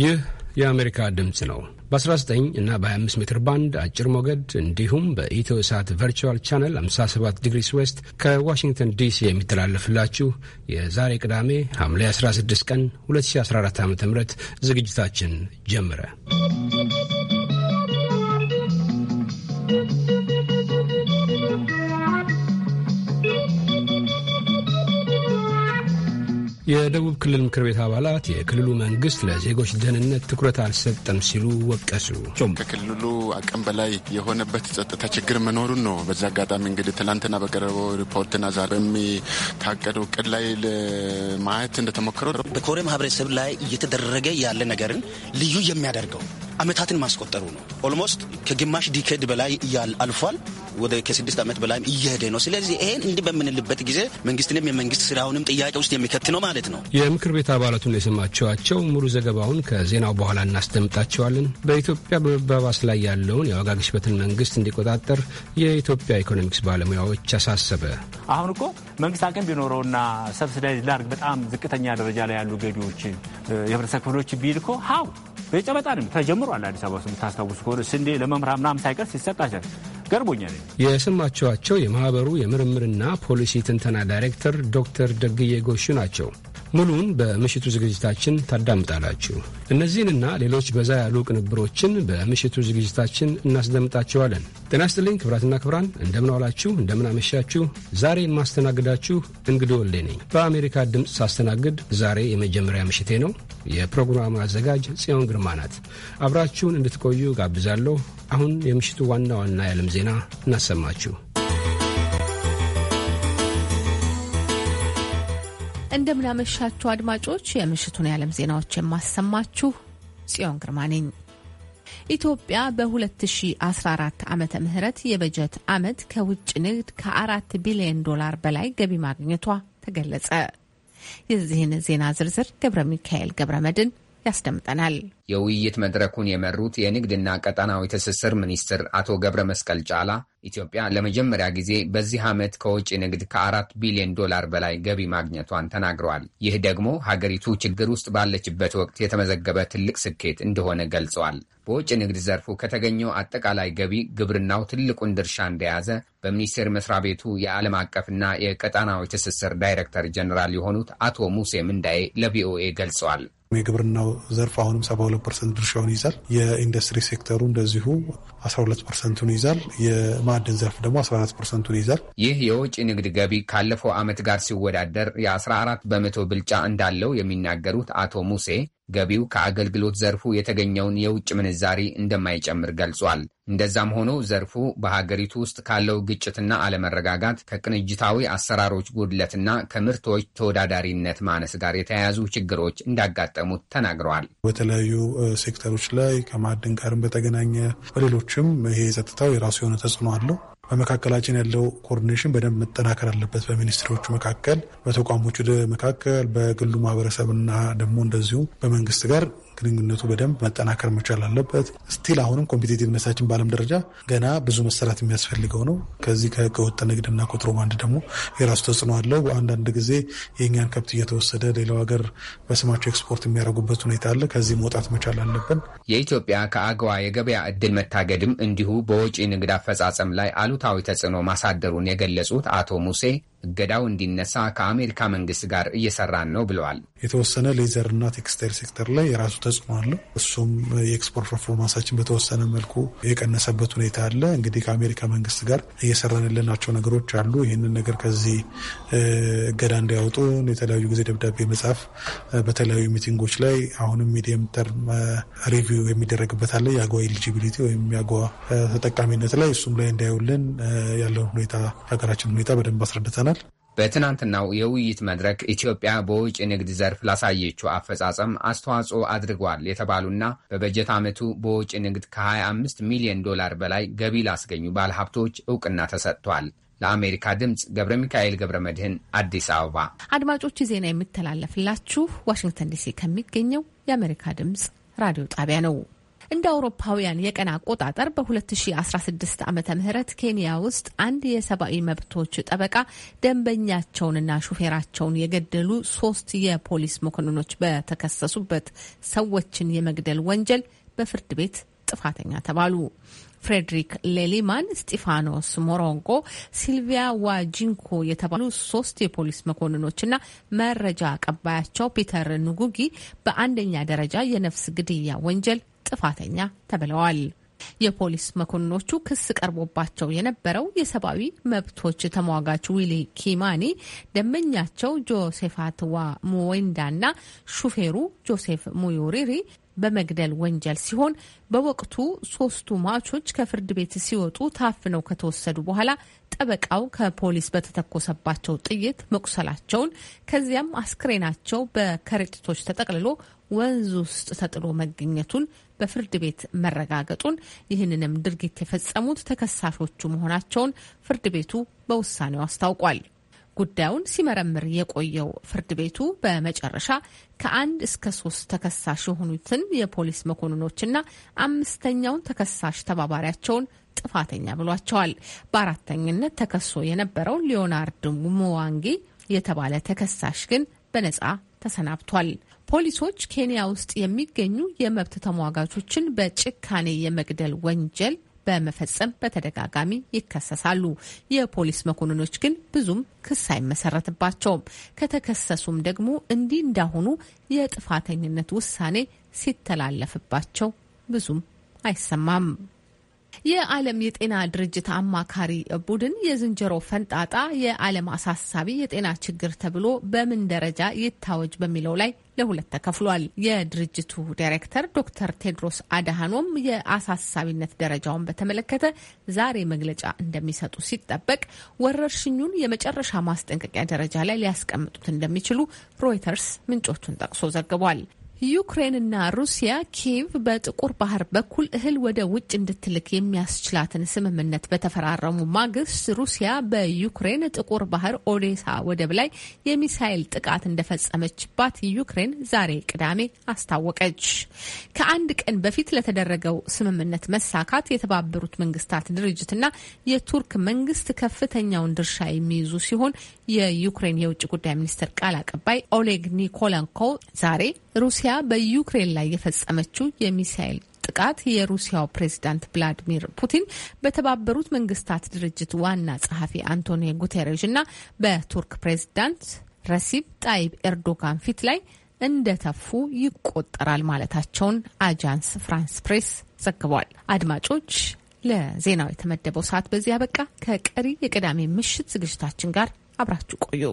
ይህ የአሜሪካ ድምፅ ነው። በ19 እና በ25 ሜትር ባንድ አጭር ሞገድ እንዲሁም በኢትዮ ሳት ቨርቹዋል ቻነል 57 ዲግሪስ ዌስት ከዋሽንግተን ዲሲ የሚተላለፍላችሁ የዛሬ ቅዳሜ ሐምሌ 16 ቀን 2014 ዓ ም ዝግጅታችን ጀመረ። የደቡብ ክልል ምክር ቤት አባላት የክልሉ መንግስት ለዜጎች ደህንነት ትኩረት አልሰጠም ሲሉ ወቀሱ። ከክልሉ አቅም በላይ የሆነበት ጸጥታ ችግር መኖሩን ነው። በዛ አጋጣሚ እንግዲህ ትላንትና በቀረበው ሪፖርትና ዛሬ በሚታቀደው እቅድ ላይ ማየት እንደተሞከረው በኮሬ ማህበረሰብ ላይ እየተደረገ ያለ ነገርን ልዩ የሚያደርገው አመታትን ማስቆጠሩ ነው። ኦልሞስት ከግማሽ ዲኬድ በላይ አልፏል። ወደ ከስድስት ዓመት በላይም እየሄደ ነው። ስለዚህ ይሄን እንዲህ በምንልበት ጊዜ መንግስትንም የመንግስት ስራውንም ጥያቄ ውስጥ የሚከት ነው ማለት ነው። የምክር ቤት አባላቱን የሰማችኋቸው። ሙሉ ዘገባውን ከዜናው በኋላ እናስደምጣቸዋለን። በኢትዮጵያ በመባባስ ላይ ያለውን የዋጋ ግሽበትን መንግስት እንዲቆጣጠር የኢትዮጵያ ኢኮኖሚክስ ባለሙያዎች አሳሰበ። አሁን እኮ መንግስት አቅም ቢኖረውና ሰብስዳይ ላርግ በጣም ዝቅተኛ ደረጃ ላይ ያሉ ገቢዎች የህብረተሰብ ክፍሎች ቢልኮ ሀው በጨበጣ ነው ተጀምሯል። አዲስ አበባ ውስጥ የምታስታውሱ ከሆነ ስንዴ ለመምህራን ምናምን ሳይቀር ሲሰጣቸው ገርቦኛል። የሰማችኋቸው የማህበሩ የምርምርና ፖሊሲ ትንተና ዳይሬክተር ዶክተር ደግዬ ጎሹ ናቸው። ሙሉውን በምሽቱ ዝግጅታችን ታዳምጣላችሁ። እነዚህንና ሌሎች በዛ ያሉ ቅንብሮችን በምሽቱ ዝግጅታችን እናስደምጣችኋለን። ጤና ስጥልኝ ክብራትና ክብራን፣ እንደምናውላችሁ፣ እንደምናመሻችሁ። ዛሬ የማስተናግዳችሁ እንግዲ ወሌ ነኝ። በአሜሪካ ድምፅ ሳስተናግድ ዛሬ የመጀመሪያ ምሽቴ ነው። የፕሮግራሙ አዘጋጅ ጽዮን ግርማ ናት። አብራችሁን እንድትቆዩ ጋብዛለሁ። አሁን የምሽቱ ዋና ዋና የዓለም ዜና እናሰማችሁ። እንደምናመሻችሁ አድማጮች፣ የምሽቱን የዓለም ዜናዎች የማሰማችሁ ጽዮን ግርማ ነኝ። ኢትዮጵያ በ2014 ዓመተ ምህረት የበጀት ዓመት ከውጭ ንግድ ከ4 ቢሊዮን ዶላር በላይ ገቢ ማግኘቷ ተገለጸ። የዚህን ዜና ዝርዝር ገብረ ሚካኤል ገብረ መድን ያስደምጠናል። የውይይት መድረኩን የመሩት የንግድና ቀጠናዊ ትስስር ሚኒስትር አቶ ገብረ መስቀል ጫላ ኢትዮጵያ ለመጀመሪያ ጊዜ በዚህ ዓመት ከውጭ ንግድ ከአራት ቢሊዮን ዶላር በላይ ገቢ ማግኘቷን ተናግረዋል። ይህ ደግሞ ሀገሪቱ ችግር ውስጥ ባለችበት ወቅት የተመዘገበ ትልቅ ስኬት እንደሆነ ገልጸዋል። በውጭ ንግድ ዘርፉ ከተገኘው አጠቃላይ ገቢ ግብርናው ትልቁን ድርሻ እንደያዘ በሚኒስቴር መስሪያ ቤቱ የዓለም አቀፍና የቀጣናዊ ትስስር ዳይሬክተር ጀኔራል የሆኑት አቶ ሙሴ ምንዳዬ ለቪኦኤ ገልጸዋል። የግብርናው ዘርፍ አሁንም 72 ፐርሰንት ድርሻውን ይዛል። የኢንዱስትሪ ሴክተሩ እንደዚሁ 12 ፐርሰንቱን ይዛል። የማዕድን ዘርፍ ደግሞ 14 ፐርሰንቱን ይዛል። ይህ የውጭ ንግድ ገቢ ካለፈው ዓመት ጋር ሲወዳደር የ14 በመቶ ብልጫ እንዳለው የሚናገሩት አቶ ሙሴ ገቢው ከአገልግሎት ዘርፉ የተገኘውን የውጭ ምንዛሪ እንደማይጨምር ገልጿል። እንደዛም ሆኖ ዘርፉ በሀገሪቱ ውስጥ ካለው ግጭትና አለመረጋጋት ከቅንጅታዊ አሰራሮች ጉድለትና ከምርቶች ተወዳዳሪነት ማነስ ጋር የተያያዙ ችግሮች እንዳጋጠሙት ተናግረዋል። በተለያዩ ሴክተሮች ላይ ከማዕድን ጋርም በተገናኘ በሌሎችም ይሄ ጸጥታው የራሱ የሆነ ተጽዕኖ አለው። በመካከላችን ያለው ኮኦርዲኔሽን በደንብ መጠናከር አለበት። በሚኒስትሮቹ መካከል፣ በተቋሞቹ መካከል፣ በግሉ ማህበረሰብና ደግሞ እንደዚሁ በመንግስት ጋር ግንኙነቱ በደንብ መጠናከር መቻል አለበት። ስቲል አሁንም ኮምፒቴቲቭነሳችን በዓለም ደረጃ ገና ብዙ መሰራት የሚያስፈልገው ነው። ከዚህ ከህገወጥ ንግድና ኮንትሮባንድ ደግሞ የራሱ ተጽዕኖ አለው። አንዳንድ ጊዜ የእኛን ከብት እየተወሰደ ሌላው ሀገር በስማቸው ኤክስፖርት የሚያደርጉበት ሁኔታ አለ። ከዚህ መውጣት መቻል አለብን። የኢትዮጵያ ከአገዋ የገበያ እድል መታገድም እንዲሁ በወጪ ንግድ አፈጻጸም ላይ አሉታዊ ተጽዕኖ ማሳደሩን የገለጹት አቶ ሙሴ እገዳው እንዲነሳ ከአሜሪካ መንግስት ጋር እየሰራን ነው ብለዋል። የተወሰነ ሌዘርና ቴክስታይል ሴክተር ላይ የራሱ ተጽዕኖ አለው። እሱም የኤክስፖርት ፐርፎርማንሳችን በተወሰነ መልኩ የቀነሰበት ሁኔታ አለ። እንግዲህ ከአሜሪካ መንግስት ጋር እየሰራን ያለናቸው ነገሮች አሉ። ይህንን ነገር ከዚህ እገዳ እንዲያወጡ የተለያዩ ጊዜ ደብዳቤ መጻፍ፣ በተለያዩ ሚቲንጎች ላይ አሁንም ሚዲየም ተርም ሪቪው የሚደረግበት አለ። የአጓ ኤሊጂቢሊቲ ወይም የአጓ ተጠቃሚነት ላይ እሱም ላይ እንዳይውልን ያለውን ሁኔታ የሀገራችን ሁኔታ በደንብ አስረድተናል። በትናንትናው የውይይት መድረክ ኢትዮጵያ በውጭ ንግድ ዘርፍ ላሳየችው አፈጻጸም አስተዋጽኦ አድርጓል የተባሉና በበጀት ዓመቱ በውጭ ንግድ ከ25 ሚሊዮን ዶላር በላይ ገቢ ላስገኙ ባለሀብቶች እውቅና ተሰጥቷል። ለአሜሪካ ድምፅ ገብረ ሚካኤል ገብረ መድህን አዲስ አበባ። አድማጮች ዜና የሚተላለፍላችሁ ዋሽንግተን ዲሲ ከሚገኘው የአሜሪካ ድምፅ ራዲዮ ጣቢያ ነው። እንደ አውሮፓውያን የቀን አቆጣጠር በ2016 ዓ ም ኬንያ ውስጥ አንድ የሰብአዊ መብቶች ጠበቃ ደንበኛቸውንና ሹፌራቸውን የገደሉ ሶስት የፖሊስ መኮንኖች በተከሰሱበት ሰዎችን የመግደል ወንጀል በፍርድ ቤት ጥፋተኛ ተባሉ። ፍሬድሪክ ሌሊማን፣ ስጢፋኖስ ሞሮንጎ፣ ሲልቪያ ዋጂንኮ የተባሉ ሶስት የፖሊስ መኮንኖችና መረጃ አቀባያቸው ፒተር ንጉጊ በአንደኛ ደረጃ የነፍስ ግድያ ወንጀል ጥፋተኛ ተብለዋል። የፖሊስ መኮንኖቹ ክስ ቀርቦባቸው የነበረው የሰብአዊ መብቶች ተሟጋች ዊሊ ኪማኒ ደንበኛቸው ጆሴፋትዋ እና ሹፌሩ ጆሴፍ ሙዩሪሪ በመግደል ወንጀል ሲሆን በወቅቱ ሶስቱ ማቾች ከፍርድ ቤት ሲወጡ ታፍነው ከተወሰዱ በኋላ ጠበቃው ከፖሊስ በተተኮሰባቸው ጥይት መቁሰላቸውን ከዚያም አስክሬናቸው በከረጢቶች ተጠቅልሎ ወንዝ ውስጥ ተጥሎ መገኘቱን በፍርድ ቤት መረጋገጡን ይህንንም ድርጊት የፈጸሙት ተከሳሾቹ መሆናቸውን ፍርድ ቤቱ በውሳኔው አስታውቋል። ጉዳዩን ሲመረምር የቆየው ፍርድ ቤቱ በመጨረሻ ከአንድ እስከ ሶስት ተከሳሽ የሆኑትን የፖሊስ መኮንኖችና አምስተኛውን ተከሳሽ ተባባሪያቸውን ጥፋተኛ ብሏቸዋል። በአራተኝነት ተከሶ የነበረው ሊዮናርድ ሙዋንጊ የተባለ ተከሳሽ ግን በነጻ ተሰናብቷል። ፖሊሶች ኬንያ ውስጥ የሚገኙ የመብት ተሟጋቾችን በጭካኔ የመግደል ወንጀል በመፈጸም በተደጋጋሚ ይከሰሳሉ። የፖሊስ መኮንኖች ግን ብዙም ክስ አይመሰረትባቸውም። ከተከሰሱም ደግሞ እንዲህ እንዳሁኑ የጥፋተኝነት ውሳኔ ሲተላለፍባቸው ብዙም አይሰማም። የዓለም የጤና ድርጅት አማካሪ ቡድን የዝንጀሮ ፈንጣጣ የዓለም አሳሳቢ የጤና ችግር ተብሎ በምን ደረጃ ይታወጅ በሚለው ላይ ለሁለት ተከፍሏል። የድርጅቱ ዳይሬክተር ዶክተር ቴድሮስ አድሃኖም የአሳሳቢነት ደረጃውን በተመለከተ ዛሬ መግለጫ እንደሚሰጡ ሲጠበቅ ወረርሽኙን የመጨረሻ ማስጠንቀቂያ ደረጃ ላይ ሊያስቀምጡት እንደሚችሉ ሮይተርስ ምንጮቹን ጠቅሶ ዘግቧል። ዩክሬንና ሩሲያ ኪየቭ በጥቁር ባህር በኩል እህል ወደ ውጭ እንድትልክ የሚያስችላትን ስምምነት በተፈራረሙ ማግስት ሩሲያ በዩክሬን ጥቁር ባህር ኦዴሳ ወደብ ላይ የሚሳይል ጥቃት እንደፈጸመችባት ዩክሬን ዛሬ ቅዳሜ አስታወቀች። ከአንድ ቀን በፊት ለተደረገው ስምምነት መሳካት የተባበሩት መንግስታት ድርጅትና የቱርክ መንግስት ከፍተኛውን ድርሻ የሚይዙ ሲሆን የዩክሬን የውጭ ጉዳይ ሚኒስትር ቃል አቀባይ ኦሌግ ኒኮለንኮ ዛሬ ሩሲያ ሩሲያ በዩክሬን ላይ የፈጸመችው የሚሳኤል ጥቃት የሩሲያው ፕሬዚዳንት ቭላዲሚር ፑቲን በተባበሩት መንግስታት ድርጅት ዋና ጸሐፊ አንቶኒ ጉቴሬዥ እና በቱርክ ፕሬዚዳንት ረሲብ ጣይብ ኤርዶጋን ፊት ላይ እንደተፉ ይቆጠራል ማለታቸውን አጃንስ ፍራንስ ፕሬስ ዘግቧል። አድማጮች፣ ለዜናው የተመደበው ሰዓት በዚህ አበቃ። ከቀሪ የቅዳሜ ምሽት ዝግጅታችን ጋር አብራችሁ ቆዩ።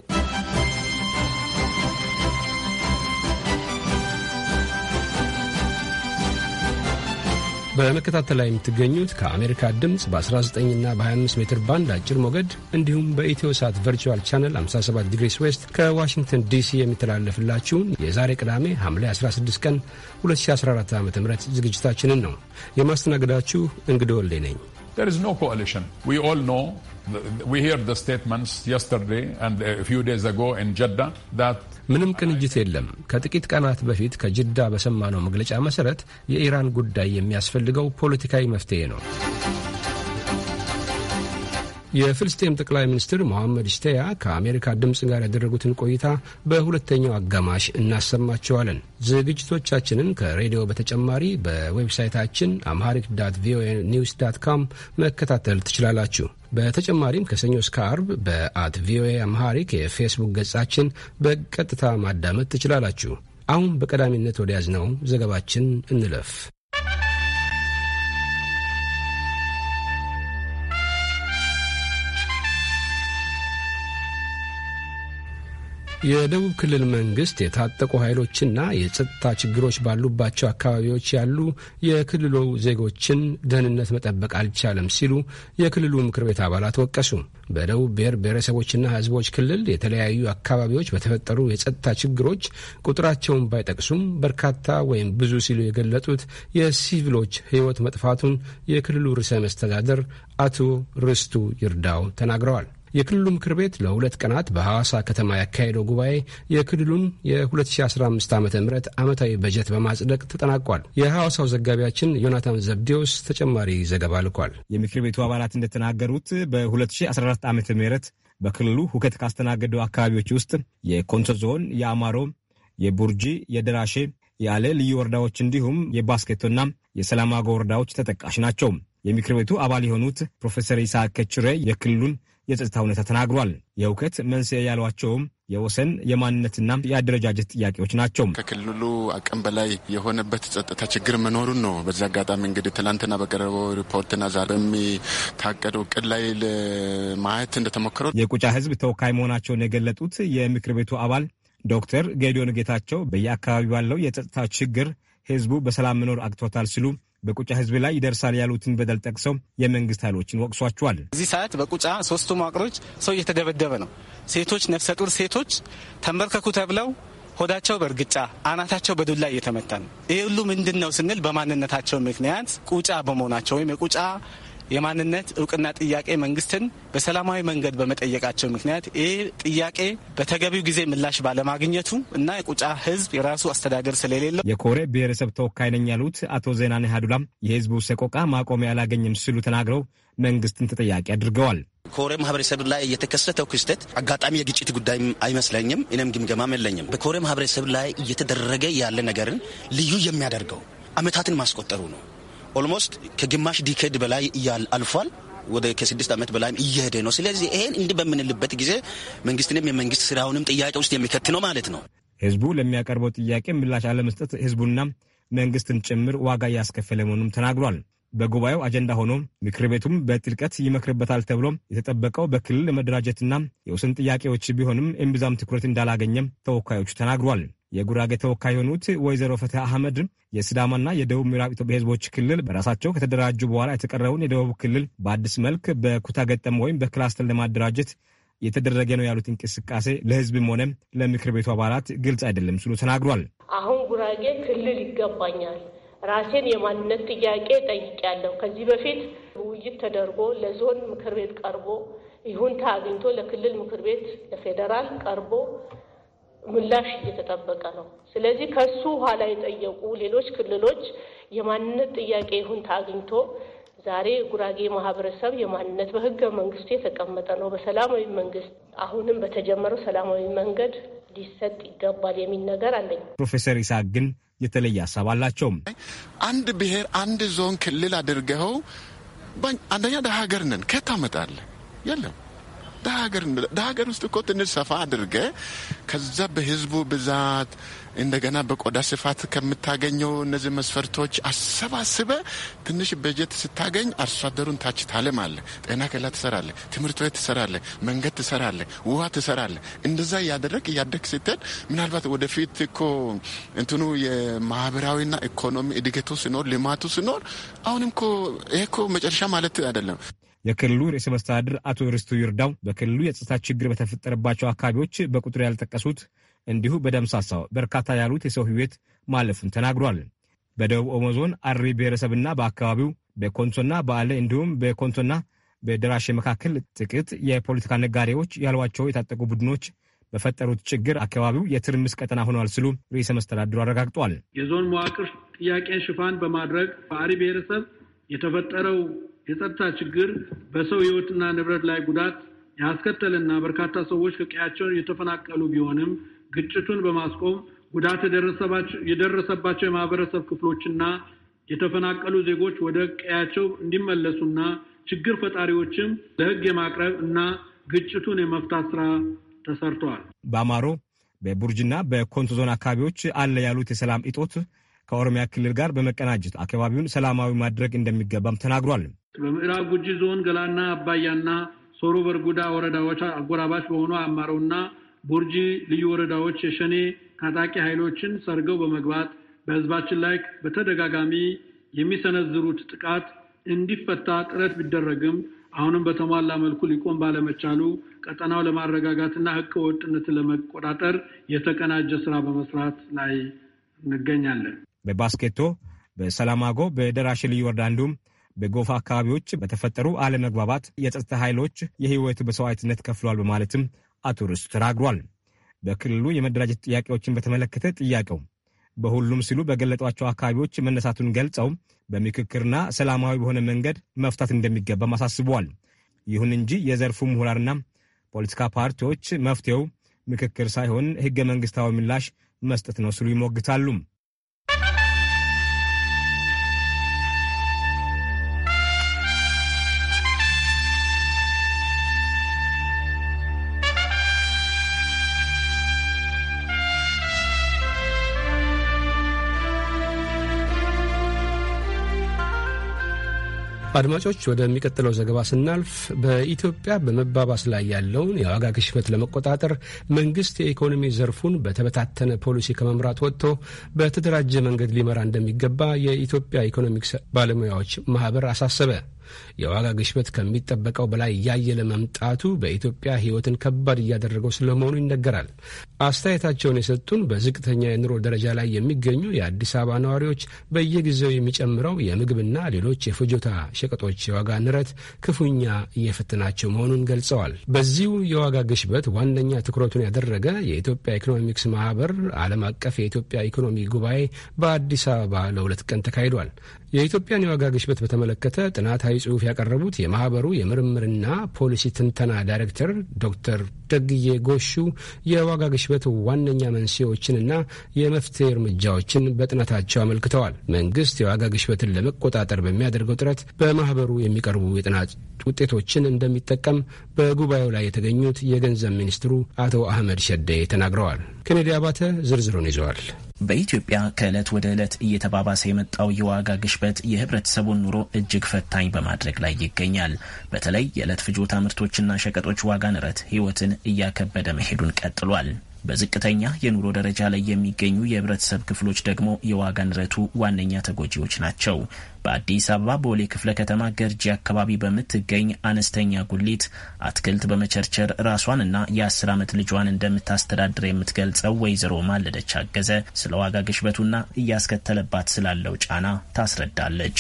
በመከታተል ላይ የምትገኙት ከአሜሪካ ድምፅ በ19 እና በ25 ሜትር ባንድ አጭር ሞገድ እንዲሁም በኢትዮ ሳት ቨርቹዋል ቻነል 57 ዲግሪስ ዌስት ከዋሽንግተን ዲሲ የሚተላለፍላችሁን የዛሬ ቅዳሜ ሐምሌ 16 ቀን 2014 ዓ ም ዝግጅታችንን ነው የማስተናገዳችሁ። እንግዶ ወልዴ ነኝ። ምንም ቅንጅት የለም። ከጥቂት ቀናት በፊት ከጅዳ በሰማነው መግለጫ መሰረት የኢራን ጉዳይ የሚያስፈልገው ፖለቲካዊ መፍትሄ ነው። የፍልስጤም ጠቅላይ ሚኒስትር መሐመድ ሽተያ ከአሜሪካ ድምፅ ጋር ያደረጉትን ቆይታ በሁለተኛው አጋማሽ እናሰማቸዋለን። ዝግጅቶቻችንን ከሬዲዮ በተጨማሪ በዌብሳይታችን አምሃሪክ ዳት ቪኦኤ ኒውስ ዳት ካም መከታተል ትችላላችሁ። በተጨማሪም ከሰኞ እስከ አርብ በአት ቪኦኤ አምሃሪክ የፌስቡክ ገጻችን በቀጥታ ማዳመጥ ትችላላችሁ። አሁን በቀዳሚነት ወደ ነው ዘገባችን እንለፍ። የደቡብ ክልል መንግስት የታጠቁ ኃይሎችና የጸጥታ ችግሮች ባሉባቸው አካባቢዎች ያሉ የክልሉ ዜጎችን ደህንነት መጠበቅ አልቻለም ሲሉ የክልሉ ምክር ቤት አባላት ወቀሱ። በደቡብ ብሔር ብሔረሰቦችና ሕዝቦች ክልል የተለያዩ አካባቢዎች በተፈጠሩ የጸጥታ ችግሮች ቁጥራቸውን ባይጠቅሱም በርካታ ወይም ብዙ ሲሉ የገለጡት የሲቪሎች ሕይወት መጥፋቱን የክልሉ ርዕሰ መስተዳደር አቶ ርስቱ ይርዳው ተናግረዋል። የክልሉ ምክር ቤት ለሁለት ቀናት በሐዋሳ ከተማ ያካሄደው ጉባኤ የክልሉን የ2015 ዓ ም ዓመታዊ በጀት በማጽደቅ ተጠናቋል። የሐዋሳው ዘጋቢያችን ዮናታን ዘብዴዎስ ተጨማሪ ዘገባ ልኳል። የምክር ቤቱ አባላት እንደተናገሩት በ2014 ዓ ም በክልሉ ሁከት ካስተናገዱ አካባቢዎች ውስጥ የኮንሶ ዞን፣ የአማሮ፣ የቡርጂ፣ የደራሼ፣ ያለ ልዩ ወረዳዎች እንዲሁም የባስኬቶና የሰላማጎ ወረዳዎች ተጠቃሽ ናቸው። የምክር ቤቱ አባል የሆኑት ፕሮፌሰር ይስሐቅ ከችሬ የክልሉን የጸጥታ ሁኔታ ተናግሯል። የእውከት መንስኤ ያሏቸውም የወሰን የማንነትና የአደረጃጀት ጥያቄዎች ናቸው። ከክልሉ አቅም በላይ የሆነበት ጸጥታ ችግር መኖሩን ነው። በዚህ አጋጣሚ እንግዲህ ትላንትና በቀረበው ሪፖርትና ዛ በሚታቀደው እቅድ ላይ ለማየት እንደተሞከረው የቁጫ ሕዝብ ተወካይ መሆናቸውን የገለጡት የምክር ቤቱ አባል ዶክተር ጌዲዮን ጌታቸው በየአካባቢ ባለው የጸጥታ ችግር ሕዝቡ በሰላም መኖር አቅቶታል ሲሉ በቁጫ ህዝብ ላይ ይደርሳል ያሉትን በደል ጠቅሰው የመንግስት ኃይሎችን ወቅሷቸዋል። እዚህ ሰዓት በቁጫ ሶስቱ መዋቅሮች ሰው እየተደበደበ ነው። ሴቶች፣ ነፍሰ ጡር ሴቶች ተንበርከኩ ተብለው ሆዳቸው በእርግጫ አናታቸው በዱላ እየተመታ ነው። ይህ ሁሉ ምንድን ነው ስንል በማንነታቸው ምክንያት ቁጫ በመሆናቸው ወይም የቁጫ የማንነት እውቅና ጥያቄ መንግስትን በሰላማዊ መንገድ በመጠየቃቸው ምክንያት ይህ ጥያቄ በተገቢው ጊዜ ምላሽ ባለማግኘቱ እና የቁጫ ህዝብ የራሱ አስተዳደር ስለሌለው የኮሬ ብሔረሰብ ተወካይ ነኝ ያሉት አቶ ዜናኔ ሀዱላም የህዝቡ ሰቆቃ ማቆሚያ አላገኝም ሲሉ ተናግረው መንግስትን ተጠያቂ አድርገዋል። ኮሬ ማህበረሰብ ላይ የተከሰተው ክስተት አጋጣሚ የግጭት ጉዳይ አይመስለኝም። እኔም ግምገማም የለኝም። በኮሬ ማህበረሰብ ላይ እየተደረገ ያለ ነገርን ልዩ የሚያደርገው አመታትን ማስቆጠሩ ነው። ኦልሞስት ከግማሽ ዲኬድ በላይ አልፏል። ወደ ከስድስት ዓመት በላይም እየሄደ ነው። ስለዚህ ይሄን እንዲህ በምንልበት ጊዜ መንግስትንም የመንግስት ስራውንም ጥያቄ ውስጥ የሚከት ነው ማለት ነው። ህዝቡ ለሚያቀርበው ጥያቄ ምላሽ አለመስጠት ህዝቡና መንግስትን ጭምር ዋጋ እያስከፈለ መሆኑም ተናግሯል። በጉባኤው አጀንዳ ሆኖ ምክር ቤቱም በጥልቀት ይመክርበታል ተብሎ የተጠበቀው በክልል መደራጀትና የውስን ጥያቄዎች ቢሆንም እምብዛም ትኩረት እንዳላገኘም ተወካዮቹ ተናግሯል። የጉራጌ ተወካይ የሆኑት ወይዘሮ ፈትህ አህመድ የስዳማና የደቡብ ምዕራብ ኢትዮጵያ ህዝቦች ክልል በራሳቸው ከተደራጁ በኋላ የተቀረውን የደቡብ ክልል በአዲስ መልክ በኩታ ገጠም ወይም በክላስተር ለማደራጀት የተደረገ ነው ያሉት እንቅስቃሴ ለህዝብም ሆነ ለምክር ቤቱ አባላት ግልጽ አይደለም ሲሉ ተናግሯል። አሁን ጉራጌ ክልል ይገባኛል ራሴን የማንነት ጥያቄ ጠይቄያለሁ። ከዚህ በፊት ውይይት ተደርጎ ለዞን ምክር ቤት ቀርቦ ይሁንታ አግኝቶ ለክልል ምክር ቤት ለፌዴራል ቀርቦ ምላሽ እየተጠበቀ ነው። ስለዚህ ከሱ ኋላ የጠየቁ ሌሎች ክልሎች የማንነት ጥያቄ ይሁንታ አግኝቶ ዛሬ የጉራጌ ማህበረሰብ የማንነት በህገ መንግስቱ የተቀመጠ ነው። በሰላማዊ መንግስት አሁንም በተጀመረው ሰላማዊ መንገድ ሊሰጥ ይገባል የሚል ነገር አለኝ። ፕሮፌሰር ይስሐቅ ግን የተለየ ሀሳብ አላቸው። አንድ ብሔር፣ አንድ ዞን፣ ክልል አድርገኸው አንደኛ ደሀ ሀገር ነን ከታመጣለ የለም ዳሀገር ውስጥ እኮ ትንሽ ሰፋ አድርገ ከዛ በህዝቡ ብዛት እንደገና በቆዳ ስፋት ከምታገኘው እነዚህ መስፈርቶች አሰባስበ ትንሽ በጀት ስታገኝ አርሶ አደሩን ታች ታለማለ። ጤና ከላ ትሰራለ፣ ትምህርት ቤት ትሰራለ፣ መንገድ ትሰራለ፣ ውሃ ትሰራለ። እንደዛ እያደረግ እያደግ ስትል ምናልባት ወደፊት እኮ እንትኑ የማህበራዊና ኢኮኖሚ እድገቱ ሲኖር ልማቱ ሲኖር አሁንም እኮ ይሄ እኮ መጨረሻ ማለት አይደለም። የክልሉ ርዕሰ መስተዳድር አቶ ርስቱ ይርዳው በክልሉ የጸጥታ ችግር በተፈጠረባቸው አካባቢዎች በቁጥር ያልጠቀሱት እንዲሁ በደምሳሳው በርካታ ያሉት የሰው ህይወት ማለፉን ተናግሯል። በደቡብ ኦሞ ዞን አሪ ብሔረሰብና በአካባቢው በኮንሶና በአለ እንዲሁም በኮንሶና በደራሼ መካከል ጥቂት የፖለቲካ ነጋዴዎች ያሏቸው የታጠቁ ቡድኖች በፈጠሩት ችግር አካባቢው የትርምስ ቀጠና ሆኗል ሲሉ ርዕሰ መስተዳድሩ አረጋግጧል። የዞን መዋቅር ጥያቄን ሽፋን በማድረግ በአሪ ብሔረሰብ የተፈጠረው የጸጥታ ችግር በሰው ህይወትና ንብረት ላይ ጉዳት ያስከተለና በርካታ ሰዎች ከቀያቸው የተፈናቀሉ ቢሆንም ግጭቱን በማስቆም ጉዳት የደረሰባቸው የማህበረሰብ ክፍሎችና የተፈናቀሉ ዜጎች ወደ ቀያቸው እንዲመለሱና ችግር ፈጣሪዎችም ለህግ የማቅረብ እና ግጭቱን የመፍታት ስራ ተሰርተዋል። በአማሮ በቡርጅና በኮንሶ ዞን አካባቢዎች አለ ያሉት የሰላም እጦት ከኦሮሚያ ክልል ጋር በመቀናጀት አካባቢውን ሰላማዊ ማድረግ እንደሚገባም ተናግሯል። በምዕራብ ጉጂ ዞን ገላና አባያና ሶሮ በርጉዳ ወረዳዎች አጎራባች በሆኑ አማረውና ቡርጂ ልዩ ወረዳዎች የሸኔ ታጣቂ ኃይሎችን ሰርገው በመግባት በህዝባችን ላይ በተደጋጋሚ የሚሰነዝሩት ጥቃት እንዲፈታ ጥረት ቢደረግም አሁንም በተሟላ መልኩ ሊቆም ባለመቻሉ ቀጠናው ለማረጋጋትና ህገ ወጥነትን ለመቆጣጠር የተቀናጀ ስራ በመስራት ላይ እንገኛለን። በባስኬቶ፣ በሰላማጎ፣ በደራሽ ልዩ ወረዳ እንዲሁም በጎፋ አካባቢዎች በተፈጠሩ አለመግባባት የጸጥታ ኃይሎች የህይወት በሰዋዕትነት ከፍሏል በማለትም አቶ ርዕሱ ተናግሯል። በክልሉ የመደራጀት ጥያቄዎችን በተመለከተ ጥያቄው በሁሉም ሲሉ በገለጧቸው አካባቢዎች መነሳቱን ገልጸው በምክክርና ሰላማዊ በሆነ መንገድ መፍታት እንደሚገባም አሳስበዋል። ይሁን እንጂ የዘርፉ ምሁራንና ፖለቲካ ፓርቲዎች መፍትሄው ምክክር ሳይሆን ህገ መንግስታዊ ምላሽ መስጠት ነው ሲሉ ይሞግታሉ። አድማጮች ወደሚቀጥለው ዘገባ ስናልፍ በኢትዮጵያ በመባባስ ላይ ያለውን የዋጋ ግሽበት ለመቆጣጠር መንግስት የኢኮኖሚ ዘርፉን በተበታተነ ፖሊሲ ከመምራት ወጥቶ በተደራጀ መንገድ ሊመራ እንደሚገባ የኢትዮጵያ ኢኮኖሚክስ ባለሙያዎች ማህበር አሳሰበ። የዋጋ ግሽበት ከሚጠበቀው በላይ እያየለ መምጣቱ በኢትዮጵያ ሕይወትን ከባድ እያደረገው ስለመሆኑ ይነገራል። አስተያየታቸውን የሰጡን በዝቅተኛ የኑሮ ደረጃ ላይ የሚገኙ የአዲስ አበባ ነዋሪዎች በየጊዜው የሚጨምረው የምግብና ሌሎች የፍጆታ ሸቀጦች የዋጋ ንረት ክፉኛ እየፈተናቸው መሆኑን ገልጸዋል። በዚሁ የዋጋ ግሽበት ዋነኛ ትኩረቱን ያደረገ የኢትዮጵያ ኢኮኖሚክስ ማህበር ዓለም አቀፍ የኢትዮጵያ ኢኮኖሚ ጉባኤ በአዲስ አበባ ለሁለት ቀን ተካሂዷል። የኢትዮጵያን የዋጋ ግሽበት በተመለከተ ጥናታዊ ጽሑፍ ያቀረቡት የማህበሩ የምርምርና ፖሊሲ ትንተና ዳይሬክተር ዶክተር ደግዬ ጎሹ የዋጋ ግሽበት ዋነኛ መንስኤዎችንና የመፍትሄ እርምጃዎችን በጥናታቸው አመልክተዋል። መንግስት የዋጋ ግሽበትን ለመቆጣጠር በሚያደርገው ጥረት በማህበሩ የሚቀርቡ የጥናት ውጤቶችን እንደሚጠቀም በጉባኤው ላይ የተገኙት የገንዘብ ሚኒስትሩ አቶ አህመድ ሸዴ ተናግረዋል። ኬኔዲ አባተ ዝርዝሩን ይዘዋል። በኢትዮጵያ ከዕለት ወደ ዕለት እየተባባሰ የመጣው የዋጋ ግሽበት የህብረተሰቡን ኑሮ እጅግ ፈታኝ በማድረግ ላይ ይገኛል። በተለይ የዕለት ፍጆታ ምርቶችና ሸቀጦች ዋጋ ንረት ህይወትን እያከበደ መሄዱን ቀጥሏል። በዝቅተኛ የኑሮ ደረጃ ላይ የሚገኙ የህብረተሰብ ክፍሎች ደግሞ የዋጋ ንረቱ ዋነኛ ተጎጂዎች ናቸው። በአዲስ አበባ ቦሌ ክፍለ ከተማ ገርጂ አካባቢ በምትገኝ አነስተኛ ጉሊት አትክልት በመቸርቸር ራሷንና የአስር ዓመት ልጇን እንደምታስተዳድር የምትገልጸው ወይዘሮ ማለደች አገዘ ስለ ዋጋ ግሽበቱና እያስከተለባት ስላለው ጫና ታስረዳለች።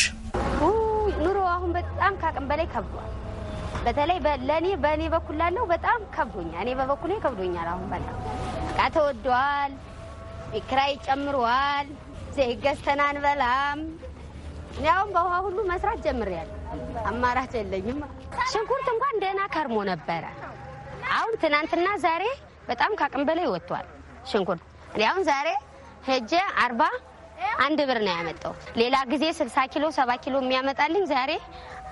ኑሮ አሁን በጣም ከአቅም በላይ ከብዷል። በተለይ ለእኔ በእኔ በኩል ላለው በጣም ከብዶኛል። እኔ በበኩሌ ከብዶኛል። አሁን በጣም እቃ ተወደዋል፣ ኪራይ ጨምሯል፣ ዘይት ገዝተን አንበላም። እኔ በውሃ ሁሉ መስራት ጀምሬያለሁ። አማራጭ የለኝም። ሽንኩርት እንኳን ደህና ከርሞ ነበረ። አሁን ትናንትና ዛሬ በጣም ከአቅም በላይ ወጥቷል ሽንኩርት። እኔ አሁን ዛሬ ሄጄ አርባ አንድ ብር ነው ያመጣሁት። ሌላ ጊዜ ስልሳ ኪሎ ሰባ ኪሎ የሚያመጣልኝ ዛሬ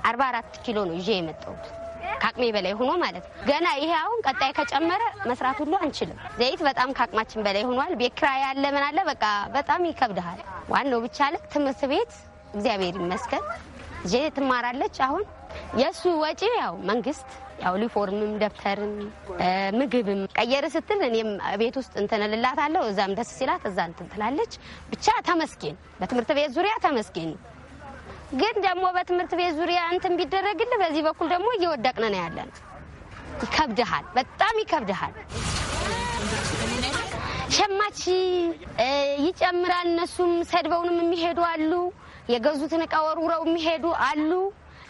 አርባ አራት ኪሎ ነው ይዤ የመጣሁት። ከአቅሜ በላይ ሆኖ ማለት ነው። ገና ይሄ አሁን ቀጣይ ከጨመረ መስራት ሁሉ አንችልም። ዘይት በጣም ከአቅማችን በላይ ሆኗል። ቤት ኪራይ ያለ ምን አለ በቃ በጣም ይከብድሃል። ዋናው ብቻ አለ ትምህርት ቤት እግዚአብሔር ይመስገን ዜ ትማራለች። አሁን የእሱ ወጪ ያው መንግስት ያው ዩኒፎርምም ደብተርም ምግብም ቀየር ስትል እኔም ቤት ውስጥ እንትን እልላታለሁ። እዛም ደስ ሲላት እዛ እንትን ትላለች። ብቻ ተመስገን፣ በትምህርት ቤት ዙሪያ ተመስገን። ግን ደግሞ በትምህርት ቤት ዙሪያ እንትን ቢደረግልህ፣ በዚህ በኩል ደግሞ እየወደቅን ነው ያለን። ይከብድሃል፣ በጣም ይከብድሃል። ሸማች ይጨምራል። እነሱም ሰድበውንም የሚሄዱ አሉ። የገዙትን እቃ ወርውረው የሚሄዱ አሉ።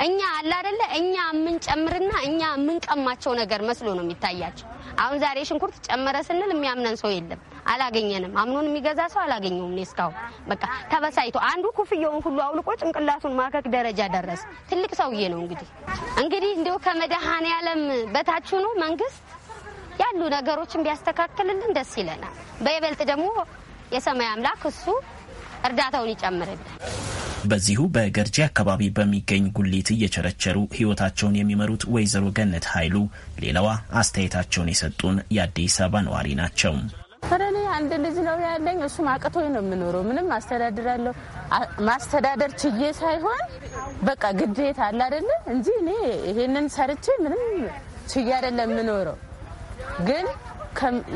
እኛ አላደለ እኛ የምንጨምርና እኛ የምንቀማቸው ነገር መስሎ ነው የሚታያቸው። አሁን ዛሬ ሽንኩርት ጨመረ ስንል የሚያምነን ሰው የለም። አላገኘንም። አምኖን የሚገዛ ሰው አላገኘውም። እኔ እስካሁን በቃ ተበሳይቶ አንዱ ኩፍያውን ሁሉ አውልቆ ጭንቅላቱን ማከክ ደረጃ ደረሰ። ትልቅ ሰውዬ ነው እንግዲህ እንግዲህ እንዲሁ ከመድኃኔዓለም በታች ሆኖ መንግስት ያሉ ነገሮችን ቢያስተካክልልን ደስ ይለናል። በይበልጥ ደግሞ የሰማይ አምላክ እሱ እርዳታውን ይጨምርልን። በዚሁ በገርጂ አካባቢ በሚገኝ ጉሊት እየቸረቸሩ ህይወታቸውን የሚመሩት ወይዘሮ ገነት ኃይሉ ሌላዋ አስተያየታቸውን የሰጡን የአዲስ አበባ ነዋሪ ናቸው። ፈረኔ አንድ ልጅ ነው ያለኝ። እሱም አቅቶኝ ነው የምኖረው። ምንም አስተዳድራለሁ ማስተዳደር ችዬ ሳይሆን በቃ ግዴታ አለ አይደለ እንጂ እኔ ይሄንን ሰርቼ ምንም ችዬ አይደለም የምኖረው ግን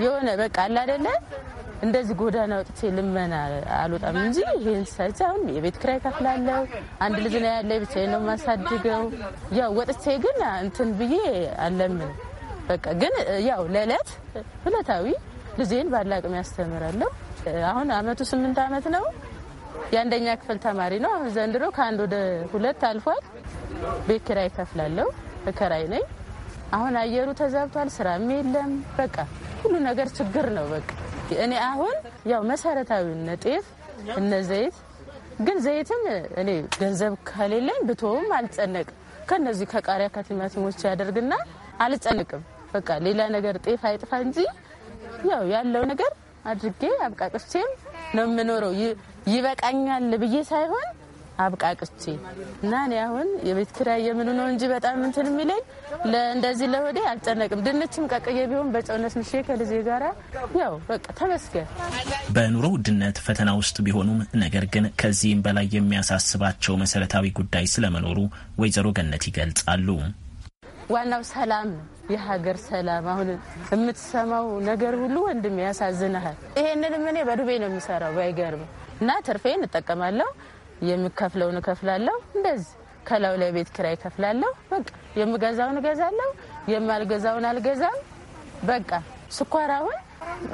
የሆነ በቃ አለ አይደለ እንደዚህ ጎዳና ወጥቼ ልመና አልወጣም እንጂ ይህን ሰርቼ አሁን የቤት ክራይ ከፍላለሁ። አንድ ልጅ ነው ያለ፣ ብቻዬን ነው የማሳድገው። ያው ወጥቼ ግን እንትን ብዬ አለምን በቃ ግን ያው ለዕለት እለታዊ ልጄን አቅም ያስተምራለሁ። አሁን አመቱ ስምንት አመት ነው። የአንደኛ ክፍል ተማሪ ነው። አሁን ዘንድሮ ከአንድ ወደ ሁለት አልፏል። ቤት ኪራይ ከፍላለሁ። እከራይ ነኝ። አሁን አየሩ ተዛብቷል። ስራም የለም። በቃ ሁሉ ነገር ችግር ነው። በቃ እኔ አሁን ያው መሰረታዊ ነጤፍ ጤፍ እነ ዘይት ግን ዘይትም እኔ ገንዘብ ከሌለኝ ብቶም አልጨነቅም። ከነዚህ ከቃሪያ ከቲማቲሞች ያደርግና አልጨንቅም። በቃ ሌላ ነገር ጤፍ አይጥፋ እንጂ ያው ያለው ነገር አድርጌ አብቃቅቼም ነው የምኖረው። ይበቃኛል ብዬ ሳይሆን አብቃቅቼ እና እኔ አሁን የቤት ኪራይ የምኑ ነው እንጂ በጣም እንትን የሚለኝ እንደዚህ ለሆዴ አልጨነቅም። ድንችም ቀቅዬ ቢሆን በጨውነት ነስንሼ ከልዜ ጋራ ያው በቃ ተመስገን። በኑሮ ውድነት ፈተና ውስጥ ቢሆኑም ነገር ግን ከዚህም በላይ የሚያሳስባቸው መሰረታዊ ጉዳይ ስለመኖሩ ወይዘሮ ገነት ይገልጻሉ። ዋናው ሰላም ነው፣ የሀገር ሰላም። አሁን የምትሰማው ነገር ሁሉ ወንድም ያሳዝንሃል። ይሄንንም እኔ በዱቤ ነው የሚሰራው ባይገርም እና ትርፌ እጠቀማለሁ የሚከፍለውን እከፍላለሁ። እንደዚህ ከላው ላይ ቤት ኪራይ እከፍላለሁ። በቃ የምገዛውን እገዛለሁ፣ የማልገዛውን አልገዛም። በቃ ስኳር አሁን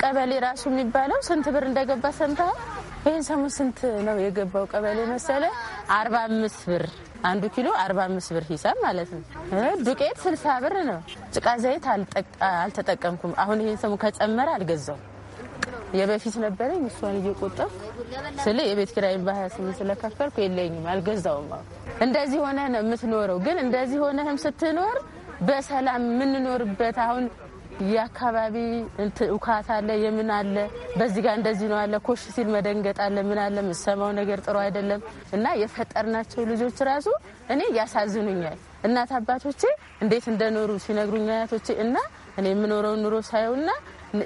ቀበሌ ራሱ የሚባለው ስንት ብር እንደገባ ሰምተሃል? ይህን ሰሞን ስንት ነው የገባው ቀበሌ መሰለ? አርባ አምስት ብር አንዱ ኪሎ አርባ አምስት ብር ሂሳብ ማለት ነው። ዱቄት ስልሳ ብር ነው። ጭቃ ዘይት አልተጠቀምኩም። አሁን ይህን ሰሞን ከጨመረ አልገዛው የበፊት ነበረኝ እሷን እየቆጠብኩ ስል የቤት ኪራይን በሀያ ስምንት ስለከፈልኩ የለኝም አልገዛውም። እንደዚህ ሆነ ነው የምትኖረው። ግን እንደዚህ ሆነህም ስትኖር በሰላም የምንኖርበት አሁን የአካባቢ እውካት አለ የምን አለ በዚህ ጋር እንደዚህ ነው አለ ኮሽ ሲል መደንገጥ አለ ምን አለ የምሰማው ነገር ጥሩ አይደለም እና የፈጠርናቸው ልጆች ራሱ እኔ ያሳዝኑኛል። እናት አባቶቼ እንዴት እንደኖሩ ሲነግሩኝ አያቶቼ እና እኔ የምኖረውን ኑሮ ሳየውና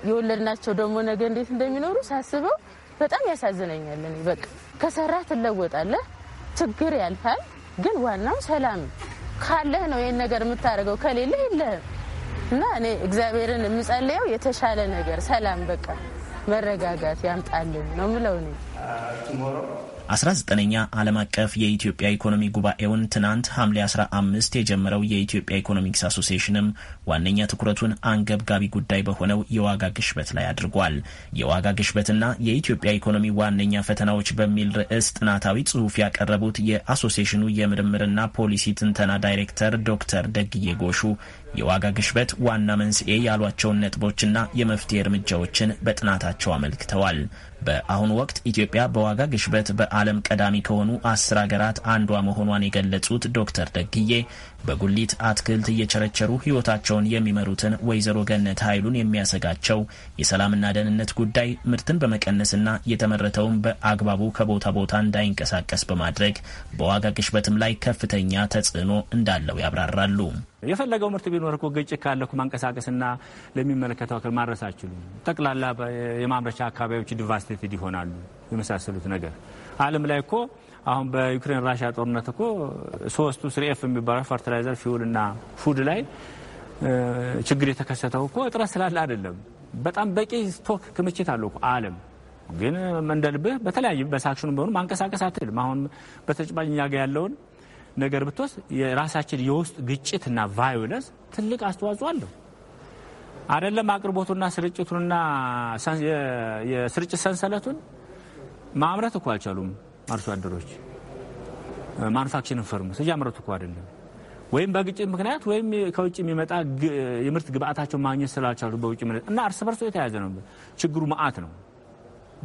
የወለድናቸው ደግሞ ነገ እንዴት እንደሚኖሩ ሳስበው በጣም ያሳዝነኛል። እኔ በቃ ከሰራ ትለወጣለህ፣ ችግር ያልፋል። ግን ዋናው ሰላም ካለህ ነው ይህን ነገር የምታደርገው፣ ከሌለ የለህም። እና እኔ እግዚአብሔርን የምጸልየው የተሻለ ነገር ሰላም፣ በቃ መረጋጋት ያምጣልን ነው ምለው እኔ 19ኛ ዓለም አቀፍ የኢትዮጵያ ኢኮኖሚ ጉባኤውን ትናንት ሐምሌ 15 የጀመረው የኢትዮጵያ ኢኮኖሚክስ አሶሲሽንም ዋነኛ ትኩረቱን አንገብጋቢ ጉዳይ በሆነው የዋጋ ግሽበት ላይ አድርጓል። የዋጋ ግሽበትና የኢትዮጵያ ኢኮኖሚ ዋነኛ ፈተናዎች በሚል ርዕስ ጥናታዊ ጽሑፍ ያቀረቡት የአሶሲሽኑ የምርምርና ፖሊሲ ትንተና ዳይሬክተር ዶክተር ደግዬ ጎሹ የዋጋ ግሽበት ዋና መንስኤ ያሏቸውን ነጥቦችና የመፍትሄ እርምጃዎችን በጥናታቸው አመልክተዋል። በአሁኑ ወቅት ኢትዮጵያ በዋጋ ግሽበት በዓለም ቀዳሚ ከሆኑ አስር ሀገራት አንዷ መሆኗን የገለጹት ዶክተር ደግዬ በጉሊት አትክልት እየቸረቸሩ ህይወታቸውን የሚመሩትን ወይዘሮ ገነት ኃይሉን የሚያሰጋቸው የሰላምና ደህንነት ጉዳይ ምርትን በመቀነስና የተመረተውን በአግባቡ ከቦታ ቦታ እንዳይንቀሳቀስ በማድረግ በዋጋ ግሽበትም ላይ ከፍተኛ ተጽዕኖ እንዳለው ያብራራሉ። የፈለገው ምርት ቢኖር እኮ ግጭት ካለኩ ማንቀሳቀስና ለሚመለከተው አካል ማድረስ አይችሉም። ጠቅላላ የማምረቻ አካባቢዎች ዲቫስቴትድ ይሆናሉ። የመሳሰሉት ነገር አለም ላይ እኮ አሁን በዩክሬን ራሽያ ጦርነት እኮ ሶስቱ ስሪኤፍ የሚባለው ፈርትላይዘር ፊውል እና ፉድ ላይ ችግር የተከሰተው እኮ እጥረት ስላለ አይደለም። በጣም በቂ ስቶክ ክምችት አለው እኮ ዓለም ግን እንደልብህ በተለያዩ በሳክሽኑ በሆኑ ማንቀሳቀስ አትልም። አሁን በተጨባጭ እኛ ጋ ያለውን ነገር ብትወስድ የራሳችን የውስጥ ግጭትና ቫዮለንስ ትልቅ አስተዋጽኦ አለው። አይደለም አቅርቦቱና ስርጭቱንና የስርጭት ሰንሰለቱን ማምረት እኮ አልቻሉም። አርሶ አደሮች ማኑፋክቸርን ፈርሙ እያመረቱ እኮ አይደለም ወይም በግጭት ምክንያት ወይም ከውጭ የሚመጣ የምርት ግብአታቸው ማግኘት ስላልቻሉ በውጭ እና እርስ በርሶ የተያዘ ነው። ችግሩ መዓት ነው።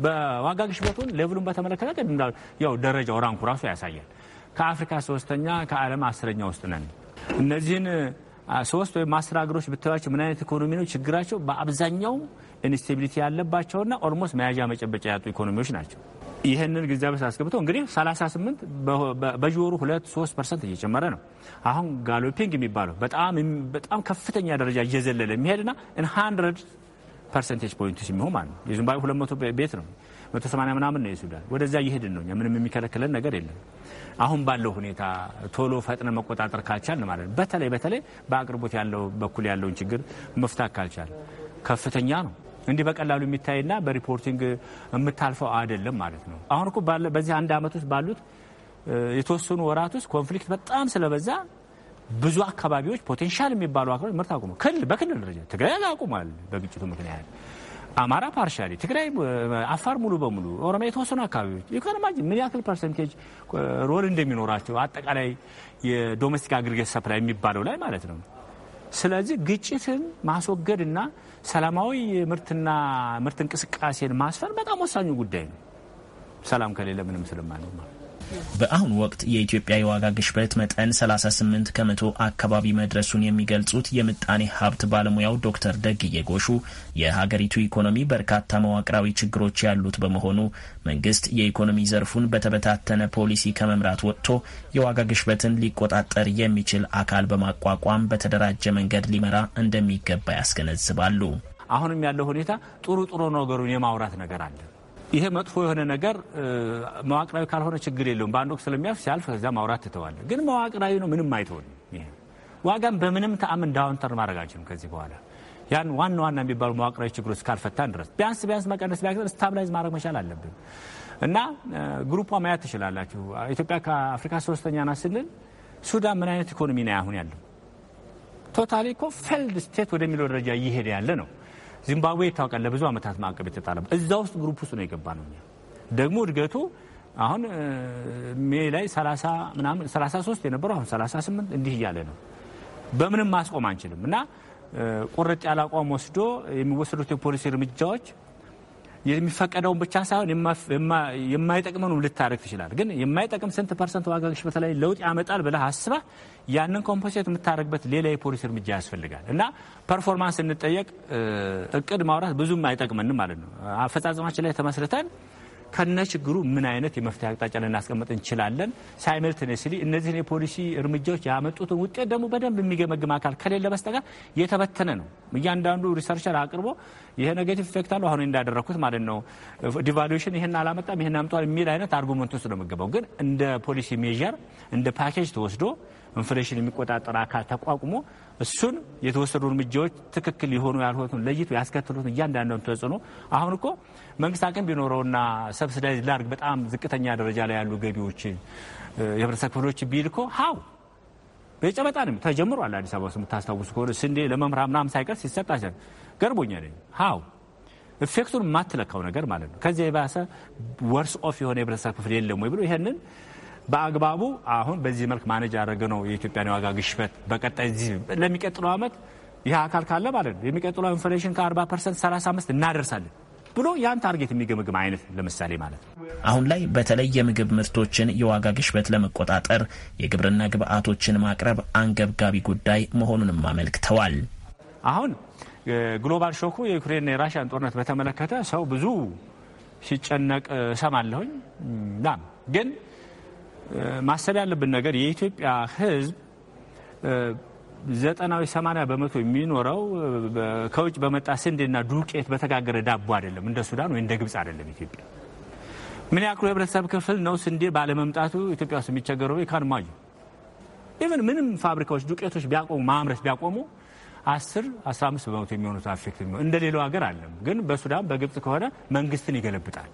በዋጋ ግሽበቱን ሌቭሉን በተመለከተ ያው ደረጃው ራንኩ ራሱ ያሳያል። ከአፍሪካ ሶስተኛ፣ ከዓለም አስረኛ ውስጥ ነን። እነዚህን ሶስት ወይም አስር ሀገሮች ብታዩቸው ምን አይነት ኢኮኖሚ ነው ችግራቸው? በአብዛኛው ኢንስቴቢሊቲ ያለባቸውና ኦልሞስት መያዣ መጨበጫ ያጡ ኢኮኖሚዎች ናቸው። ይህንን ግንዛቤ አስገብቶ እንግዲህ 38 በየወሩ 2 3 ፐርሰንት እየጨመረ ነው። አሁን ጋሎፒንግ የሚባለው በጣም ከፍተኛ ደረጃ እየዘለለ የሚሄድና ኢን ሀንድረድ ፐርሰንቴጅ ፖይንት የሚሆን ማለት ነው። የዚምባብዌ 200 ቤት ነው 180 ምናምን ነው የሱዳን ወደዛ እየሄድን ነው። ምንም የሚከለክለን ነገር የለም። አሁን ባለው ሁኔታ ቶሎ ፈጥነ መቆጣጠር ካልቻል ማለት ነው። በተለይ በተለይ በአቅርቦት ያለው በኩል ያለውን ችግር መፍታት ካልቻል ከፍተኛ ነው። እንዲህ በቀላሉ የሚታይና በሪፖርቲንግ የምታልፈው አይደለም ማለት ነው። አሁን እኮ በዚህ አንድ አመት ውስጥ ባሉት የተወሰኑ ወራት ውስጥ ኮንፍሊክት በጣም ስለበዛ ብዙ አካባቢዎች ፖቴንሻል የሚባሉ አካባቢዎች ምርት አቁመው በክልል ደረጃ ትግራይ አቁሟል በግጭቱ ምክንያት አማራ ፓርሻሊ፣ ትግራይ፣ አፋር ሙሉ በሙሉ ኦሮሚያ የተወሰኑ አካባቢዎች ኢኮኖማጅ ምን ያክል ፐርሰንቴጅ ሮል እንደሚኖራቸው አጠቃላይ የዶሜስቲክ አግሪጌት ሰፕላይ የሚባለው ላይ ማለት ነው። ስለዚህ ግጭትን ማስወገድና ሰላማዊ ምርትና ምርት እንቅስቃሴን ማስፈን በጣም ወሳኙ ጉዳይ ነው። ሰላም ከሌለ ምንም ማለት በአሁኑ ወቅት የኢትዮጵያ የዋጋ ግሽበት መጠን 38 ከመቶ አካባቢ መድረሱን የሚገልጹት የምጣኔ ሀብት ባለሙያው ዶክተር ደግዬ ጎሹ የሀገሪቱ ኢኮኖሚ በርካታ መዋቅራዊ ችግሮች ያሉት በመሆኑ መንግስት የኢኮኖሚ ዘርፉን በተበታተነ ፖሊሲ ከመምራት ወጥቶ የዋጋ ግሽበትን ሊቆጣጠር የሚችል አካል በማቋቋም በተደራጀ መንገድ ሊመራ እንደሚገባ ያስገነዝባሉ። አሁንም ያለው ሁኔታ ጥሩ ጥሩ ነገሩን የማውራት ነገር አለ ይሄ መጥፎ የሆነ ነገር መዋቅራዊ ካልሆነ ችግር የለውም። በአንድ ወቅት ስለሚያልፍ ሲያልፍ ከዚያ ማውራት ትተዋለ። ግን መዋቅራዊ ነው፣ ምንም አይተውን። ይሄ ዋጋም በምንም ተአምን ዳውንተር ማድረግ አንችልም ከዚህ በኋላ ያን ዋና ዋና የሚባሉ መዋቅራዊ ችግሮች እስካልፈታን ድረስ ቢያንስ ቢያንስ መቀነስ ቢያንስ ስታብላይዝ ማድረግ መቻል አለብን እና ግሩፓ ማየት ትችላላችሁ። ኢትዮጵያ ከአፍሪካ ሶስተኛ ናት ስንል ሱዳን ምን አይነት ኢኮኖሚ ነው አሁን ያለው? ቶታሊ እኮ ፌልድ ስቴት ወደሚለው ደረጃ እየሄደ ያለ ነው። ዚምባብዌ ይታወቃል። ለብዙ ዓመታት ማዕቀብ የተጣለ እዛ ውስጥ ግሩፕ ውስጥ ነው የገባ ነው። ደግሞ እድገቱ አሁን ሜ ላይ 30 ምናምን 33 የነበረው አሁን 38 እንዲህ እያለ ነው። በምንም ማስቆም አንችልም እና ቁርጥ ያለ አቋም ወስዶ የሚወሰዱት የፖሊሲ እርምጃዎች የሚፈቀደውን ብቻ ሳይሆን የማይጠቅመን ልታደረግ ትችላል። ግን የማይጠቅም ስንት ፐርሰንት ዋጋ ግሽበት ላይ ለውጥ ያመጣል ብለህ አስባ ያንን ኮምፐንሴት የምታደረግበት ሌላ የፖሊሲ እርምጃ ያስፈልጋል እና ፐርፎርማንስ እንጠየቅ እቅድ ማውራት ብዙም አይጠቅመንም ማለት ነው። አፈጻጸማችን ላይ ተመስርተን ከነ ችግሩ ምን አይነት የመፍትሄ አቅጣጫ ልናስቀምጥ እንችላለን። ሳይመልትኔስሊ እነዚህን የፖሊሲ እርምጃዎች ያመጡትን ውጤት ደግሞ በደንብ የሚገመግም አካል ከሌለ በስተቀር የተበተነ ነው። እያንዳንዱ ሪሰርቸር አቅርቦ ይሄ ኔጌቲቭ ኢፌክት አለው አሁን እንዳደረግኩት ማለት ነው ዲቫሉዌሽን ይህን አላመጣም ይህን አምጧል የሚል አይነት አርጉመንት ውስጥ ነው የሚገባው። ግን እንደ ፖሊሲ ሜዥር እንደ ፓኬጅ ተወስዶ ኢንፍሌሽን የሚቆጣጠር አካል ተቋቁሞ እሱን የተወሰዱ እርምጃዎች ትክክል የሆኑ ያልሆኑትን ለይቶ ያስከትሉትን እያንዳንዳን ተጽዕኖ አሁን እኮ መንግስት አቅም ቢኖረውና ሰብስዳይዝ ላርግ በጣም ዝቅተኛ ደረጃ ላይ ያሉ ገቢዎች የህብረተሰብ ክፍሎች ቢል እኮ ሀው በጨበጣ ነው ተጀምሯል። አዲስ አበባ ውስጥ የምታስታውሱ ከሆነ ስንዴ ለመምህራን ምናምን ሳይቀር ሲሰጣቸው ገርቦኛል። ሀው ኢፌክቱን የማትለካው ነገር ማለት ነው። ከዚያ የባሰ ወርስ ኦፍ የሆነ የህብረተሰብ ክፍል የለም ወይ ብሎ ይህንን በአግባቡ አሁን በዚህ መልክ ማነጅ ያደረገ ነው የኢትዮጵያን የዋጋ ግሽበት በቀጣይ ለሚቀጥለው ዓመት ይህ አካል ካለ ማለት ነው የሚቀጥለው ኢንፍሌሽን ከ40 ፐርሰንት 35 እናደርሳለን ብሎ ያን ታርጌት የሚገመግም አይነት ለምሳሌ ማለት ነው። አሁን ላይ በተለይ የምግብ ምርቶችን የዋጋ ግሽበት ለመቆጣጠር የግብርና ግብዓቶችን ማቅረብ አንገብጋቢ ጉዳይ መሆኑንም አመልክተዋል። አሁን ግሎባል ሾኩ የዩክሬንና የራሽያን ጦርነት በተመለከተ ሰው ብዙ ሲጨነቅ እሰማለሁኝ። ግን ማሰብ ያለብን ነገር የኢትዮጵያ ሕዝብ ዘጠናዊ ሰማንያ በመቶ የሚኖረው ከውጭ በመጣ ስንዴና ዱቄት በተጋገረ ዳቦ አይደለም። እንደ ሱዳን ወይ እንደ ግብጽ አይደለም ኢትዮጵያ። ምን ያክሉ የህብረተሰብ ክፍል ነው ስንዴ ባለመምጣቱ ኢትዮጵያ ውስጥ የሚቸገረው? ኢካንማዩ ኢቨን ምንም ፋብሪካዎች ዱቄቶች ቢያቆሙ ማምረት ቢያቆሙ 10 15 በመቶ የሚሆኑት አፌክት የሚሆኑ እንደ ሌላው ሀገር አለም። ግን በሱዳን በግብጽ ከሆነ መንግስትን ይገለብጣል።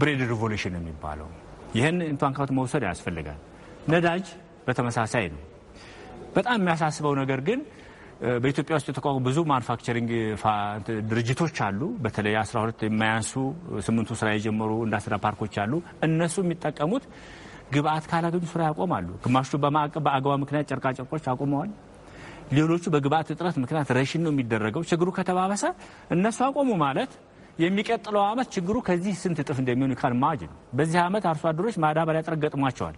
ብሬድ ሪቮሉሽን የሚባለው ይህን ኢንቷንካውንት መውሰድ ያስፈልጋል። ነዳጅ በተመሳሳይ ነው። በጣም የሚያሳስበው ነገር ግን በኢትዮጵያ ውስጥ የተቋቁ ብዙ ማኑፋክቸሪንግ ድርጅቶች አሉ። በተለይ 12 የማያንሱ ስምንቱ ስራ የጀመሩ ኢንዱስትሪ ፓርኮች አሉ። እነሱ የሚጠቀሙት ግብአት ካላገኙ ስራ ያቆማሉ። ግማሹ በአገባ ምክንያት ጨርቃጨርቆች አቁመዋል። ሌሎቹ በግብአት እጥረት ምክንያት ረሽን ነው የሚደረገው። ችግሩ ከተባበሰ እነሱ አቆሙ ማለት የሚቀጥለው አመት ችግሩ ከዚህ ስንት እጥፍ እንደሚሆን ይካል ማጅን በዚህ አመት አርሶ አደሮች ማዳበሪያ እጥረት ገጥሟቸዋል።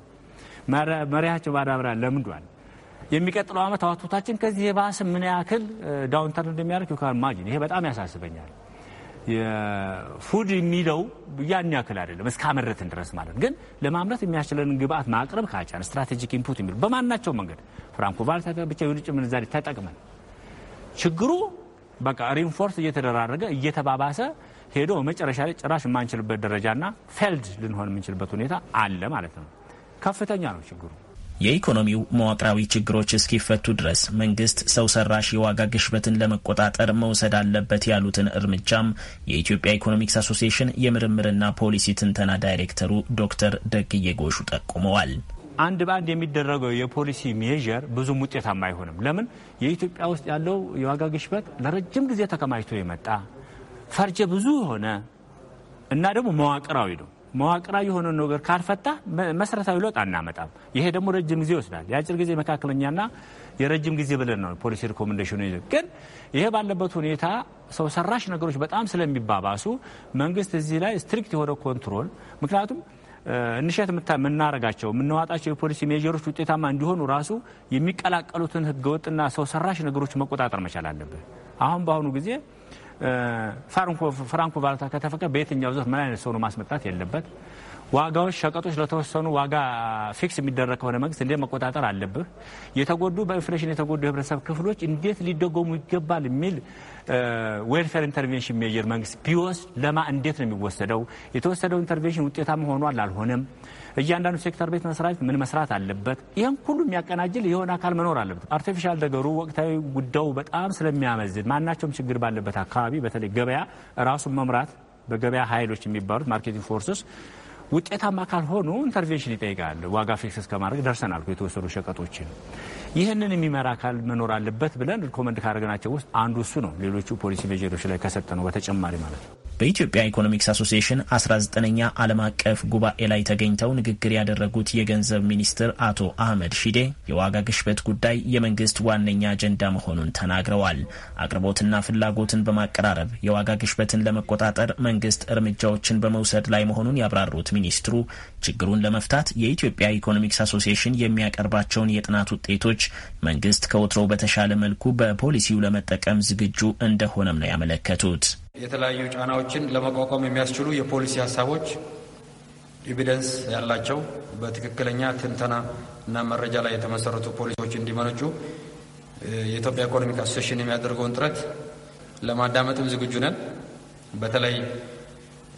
መሪያቸው ማዳበሪያ ለምዷል። የሚቀጥለው አመት አዋቶታችን ከዚህ የባሰ ምን ያክል ዳውንተር እንደሚያደርግ ይካል ማጅን። ይሄ በጣም ያሳስበኛል። የፉድ የሚለው ያን ያክል አይደለም እስከ እስካመረትን ድረስ ማለት ግን ለማምረት የሚያስችለንን ግብአት ማቅረብ ካቻን ስትራቴጂክ ኢንፑት የሚሉ በማናቸው መንገድ ፍራንኮቫል ብቻ የውጭ ምንዛሪ ተጠቅመን ችግሩ በቃ ሪንፎርስ እየተደራረገ እየተባባሰ ሄዶ መጨረሻ ላይ ጭራሽ የማንችልበት ደረጃና ፌልድ ልንሆን የምንችልበት ሁኔታ አለ ማለት ነው። ከፍተኛ ነው ችግሩ። የኢኮኖሚው መዋቅራዊ ችግሮች እስኪፈቱ ድረስ መንግስት ሰው ሰራሽ የዋጋ ግሽበትን ለመቆጣጠር መውሰድ አለበት ያሉትን እርምጃም የኢትዮጵያ ኢኮኖሚክስ አሶሲሽን የምርምርና ፖሊሲ ትንተና ዳይሬክተሩ ዶክተር ደግዬ ጎሹ ጠቁመዋል። አንድ በአንድ የሚደረገው የፖሊሲ ሜዥር ብዙም ውጤታማ አይሆንም። ለምን? የኢትዮጵያ ውስጥ ያለው የዋጋ ግሽበት ለረጅም ጊዜ ተከማችቶ የመጣ ፈርጀ ብዙ የሆነ እና ደግሞ መዋቅራዊ ነው። መዋቅራዊ የሆነ ነገር ካልፈታ መሰረታዊ ለውጥ አናመጣም። ይሄ ደግሞ ረጅም ጊዜ ይወስዳል። የአጭር ጊዜ መካከለኛና የረጅም ጊዜ ብለን ነው ፖሊሲ ሪኮሜንዴሽኑ ይዘ ግን ይሄ ባለበት ሁኔታ ሰው ሰራሽ ነገሮች በጣም ስለሚባባሱ መንግስት እዚህ ላይ ስትሪክት የሆነ ኮንትሮል ምክንያቱም እንሸት የምናረጋቸው የምናዋጣቸው የፖሊሲ ሜጀሮች ውጤታማ እንዲሆኑ ራሱ የሚቀላቀሉትን ህገወጥና ሰው ሰራሽ ነገሮች መቆጣጠር መቻል አለብህ። አሁን በአሁኑ ጊዜ ፍራንኮ ቫሉታ ከተፈቀደ በየትኛው ዘርፍ ምን አይነት ሰው ነው ማስመጣት የለበት ዋጋዎች፣ ሸቀጦች ለተወሰኑ ዋጋ ፊክስ የሚደረግ ከሆነ መንግስት እንዴት መቆጣጠር አለብህ? የተጎዱ በኢንፍሌሽን የተጎዱ የህብረተሰብ ክፍሎች እንዴት ሊደጎሙ ይገባል የሚል ዌልፌር ኢንተርቬንሽን ሜጀር መንግስት ቢወስድ ለማ እንዴት ነው የሚወሰደው? የተወሰደው ኢንተርቬንሽን ውጤታማ ሆኗል አልሆነም? እያንዳንዱ ሴክተር ቤት መስራት ምን መስራት አለበት? ይህን ሁሉ የሚያቀናጅል የሆነ አካል መኖር አለበት። አርቲፊሻል ነገሩ ወቅታዊ ጉዳዩ በጣም ስለሚያመዝን ማናቸውም ችግር ባለበት አካባቢ በተለይ ገበያ ራሱን መምራት በገበያ ኃይሎች የሚባሉት ማርኬቲንግ ፎርሶች ውጤታማ ካልሆኑ ኢንተርቬንሽን ይጠይቃል። ዋጋ ፊክስ እስከማድረግ ደርሰናል የተወሰኑ ሸቀጦችን። ይህንን የሚመራ አካል መኖር አለበት ብለን ሪኮመንድ ካደረግናቸው ውስጥ አንዱ እሱ ነው። ሌሎቹ ፖሊሲ ሜጀሮች ላይ ከሰጠ ነው በተጨማሪ ማለት ነው። በኢትዮጵያ ኢኮኖሚክስ አሶሲሽን 19ኛ ዓለም አቀፍ ጉባኤ ላይ ተገኝተው ንግግር ያደረጉት የገንዘብ ሚኒስትር አቶ አህመድ ሺዴ የዋጋ ግሽበት ጉዳይ የመንግስት ዋነኛ አጀንዳ መሆኑን ተናግረዋል። አቅርቦትና ፍላጎትን በማቀራረብ የዋጋ ግሽበትን ለመቆጣጠር መንግስት እርምጃዎችን በመውሰድ ላይ መሆኑን ያብራሩት ሚኒስትሩ ችግሩን ለመፍታት የኢትዮጵያ ኢኮኖሚክስ አሶሲሽን የሚያቀርባቸውን የጥናት ውጤቶች መንግስት ከወትሮው በተሻለ መልኩ በፖሊሲው ለመጠቀም ዝግጁ እንደሆነም ነው ያመለከቱት። የተለያዩ ጫናዎችን ለመቋቋም የሚያስችሉ የፖሊሲ ሀሳቦች ኤቪደንስ ያላቸው በትክክለኛ ትንተና እና መረጃ ላይ የተመሰረቱ ፖሊሲዎች እንዲመነጩ የኢትዮጵያ ኢኮኖሚክ አሶሴሽን የሚያደርገውን ጥረት ለማዳመጥም ዝግጁ ነን። በተለይ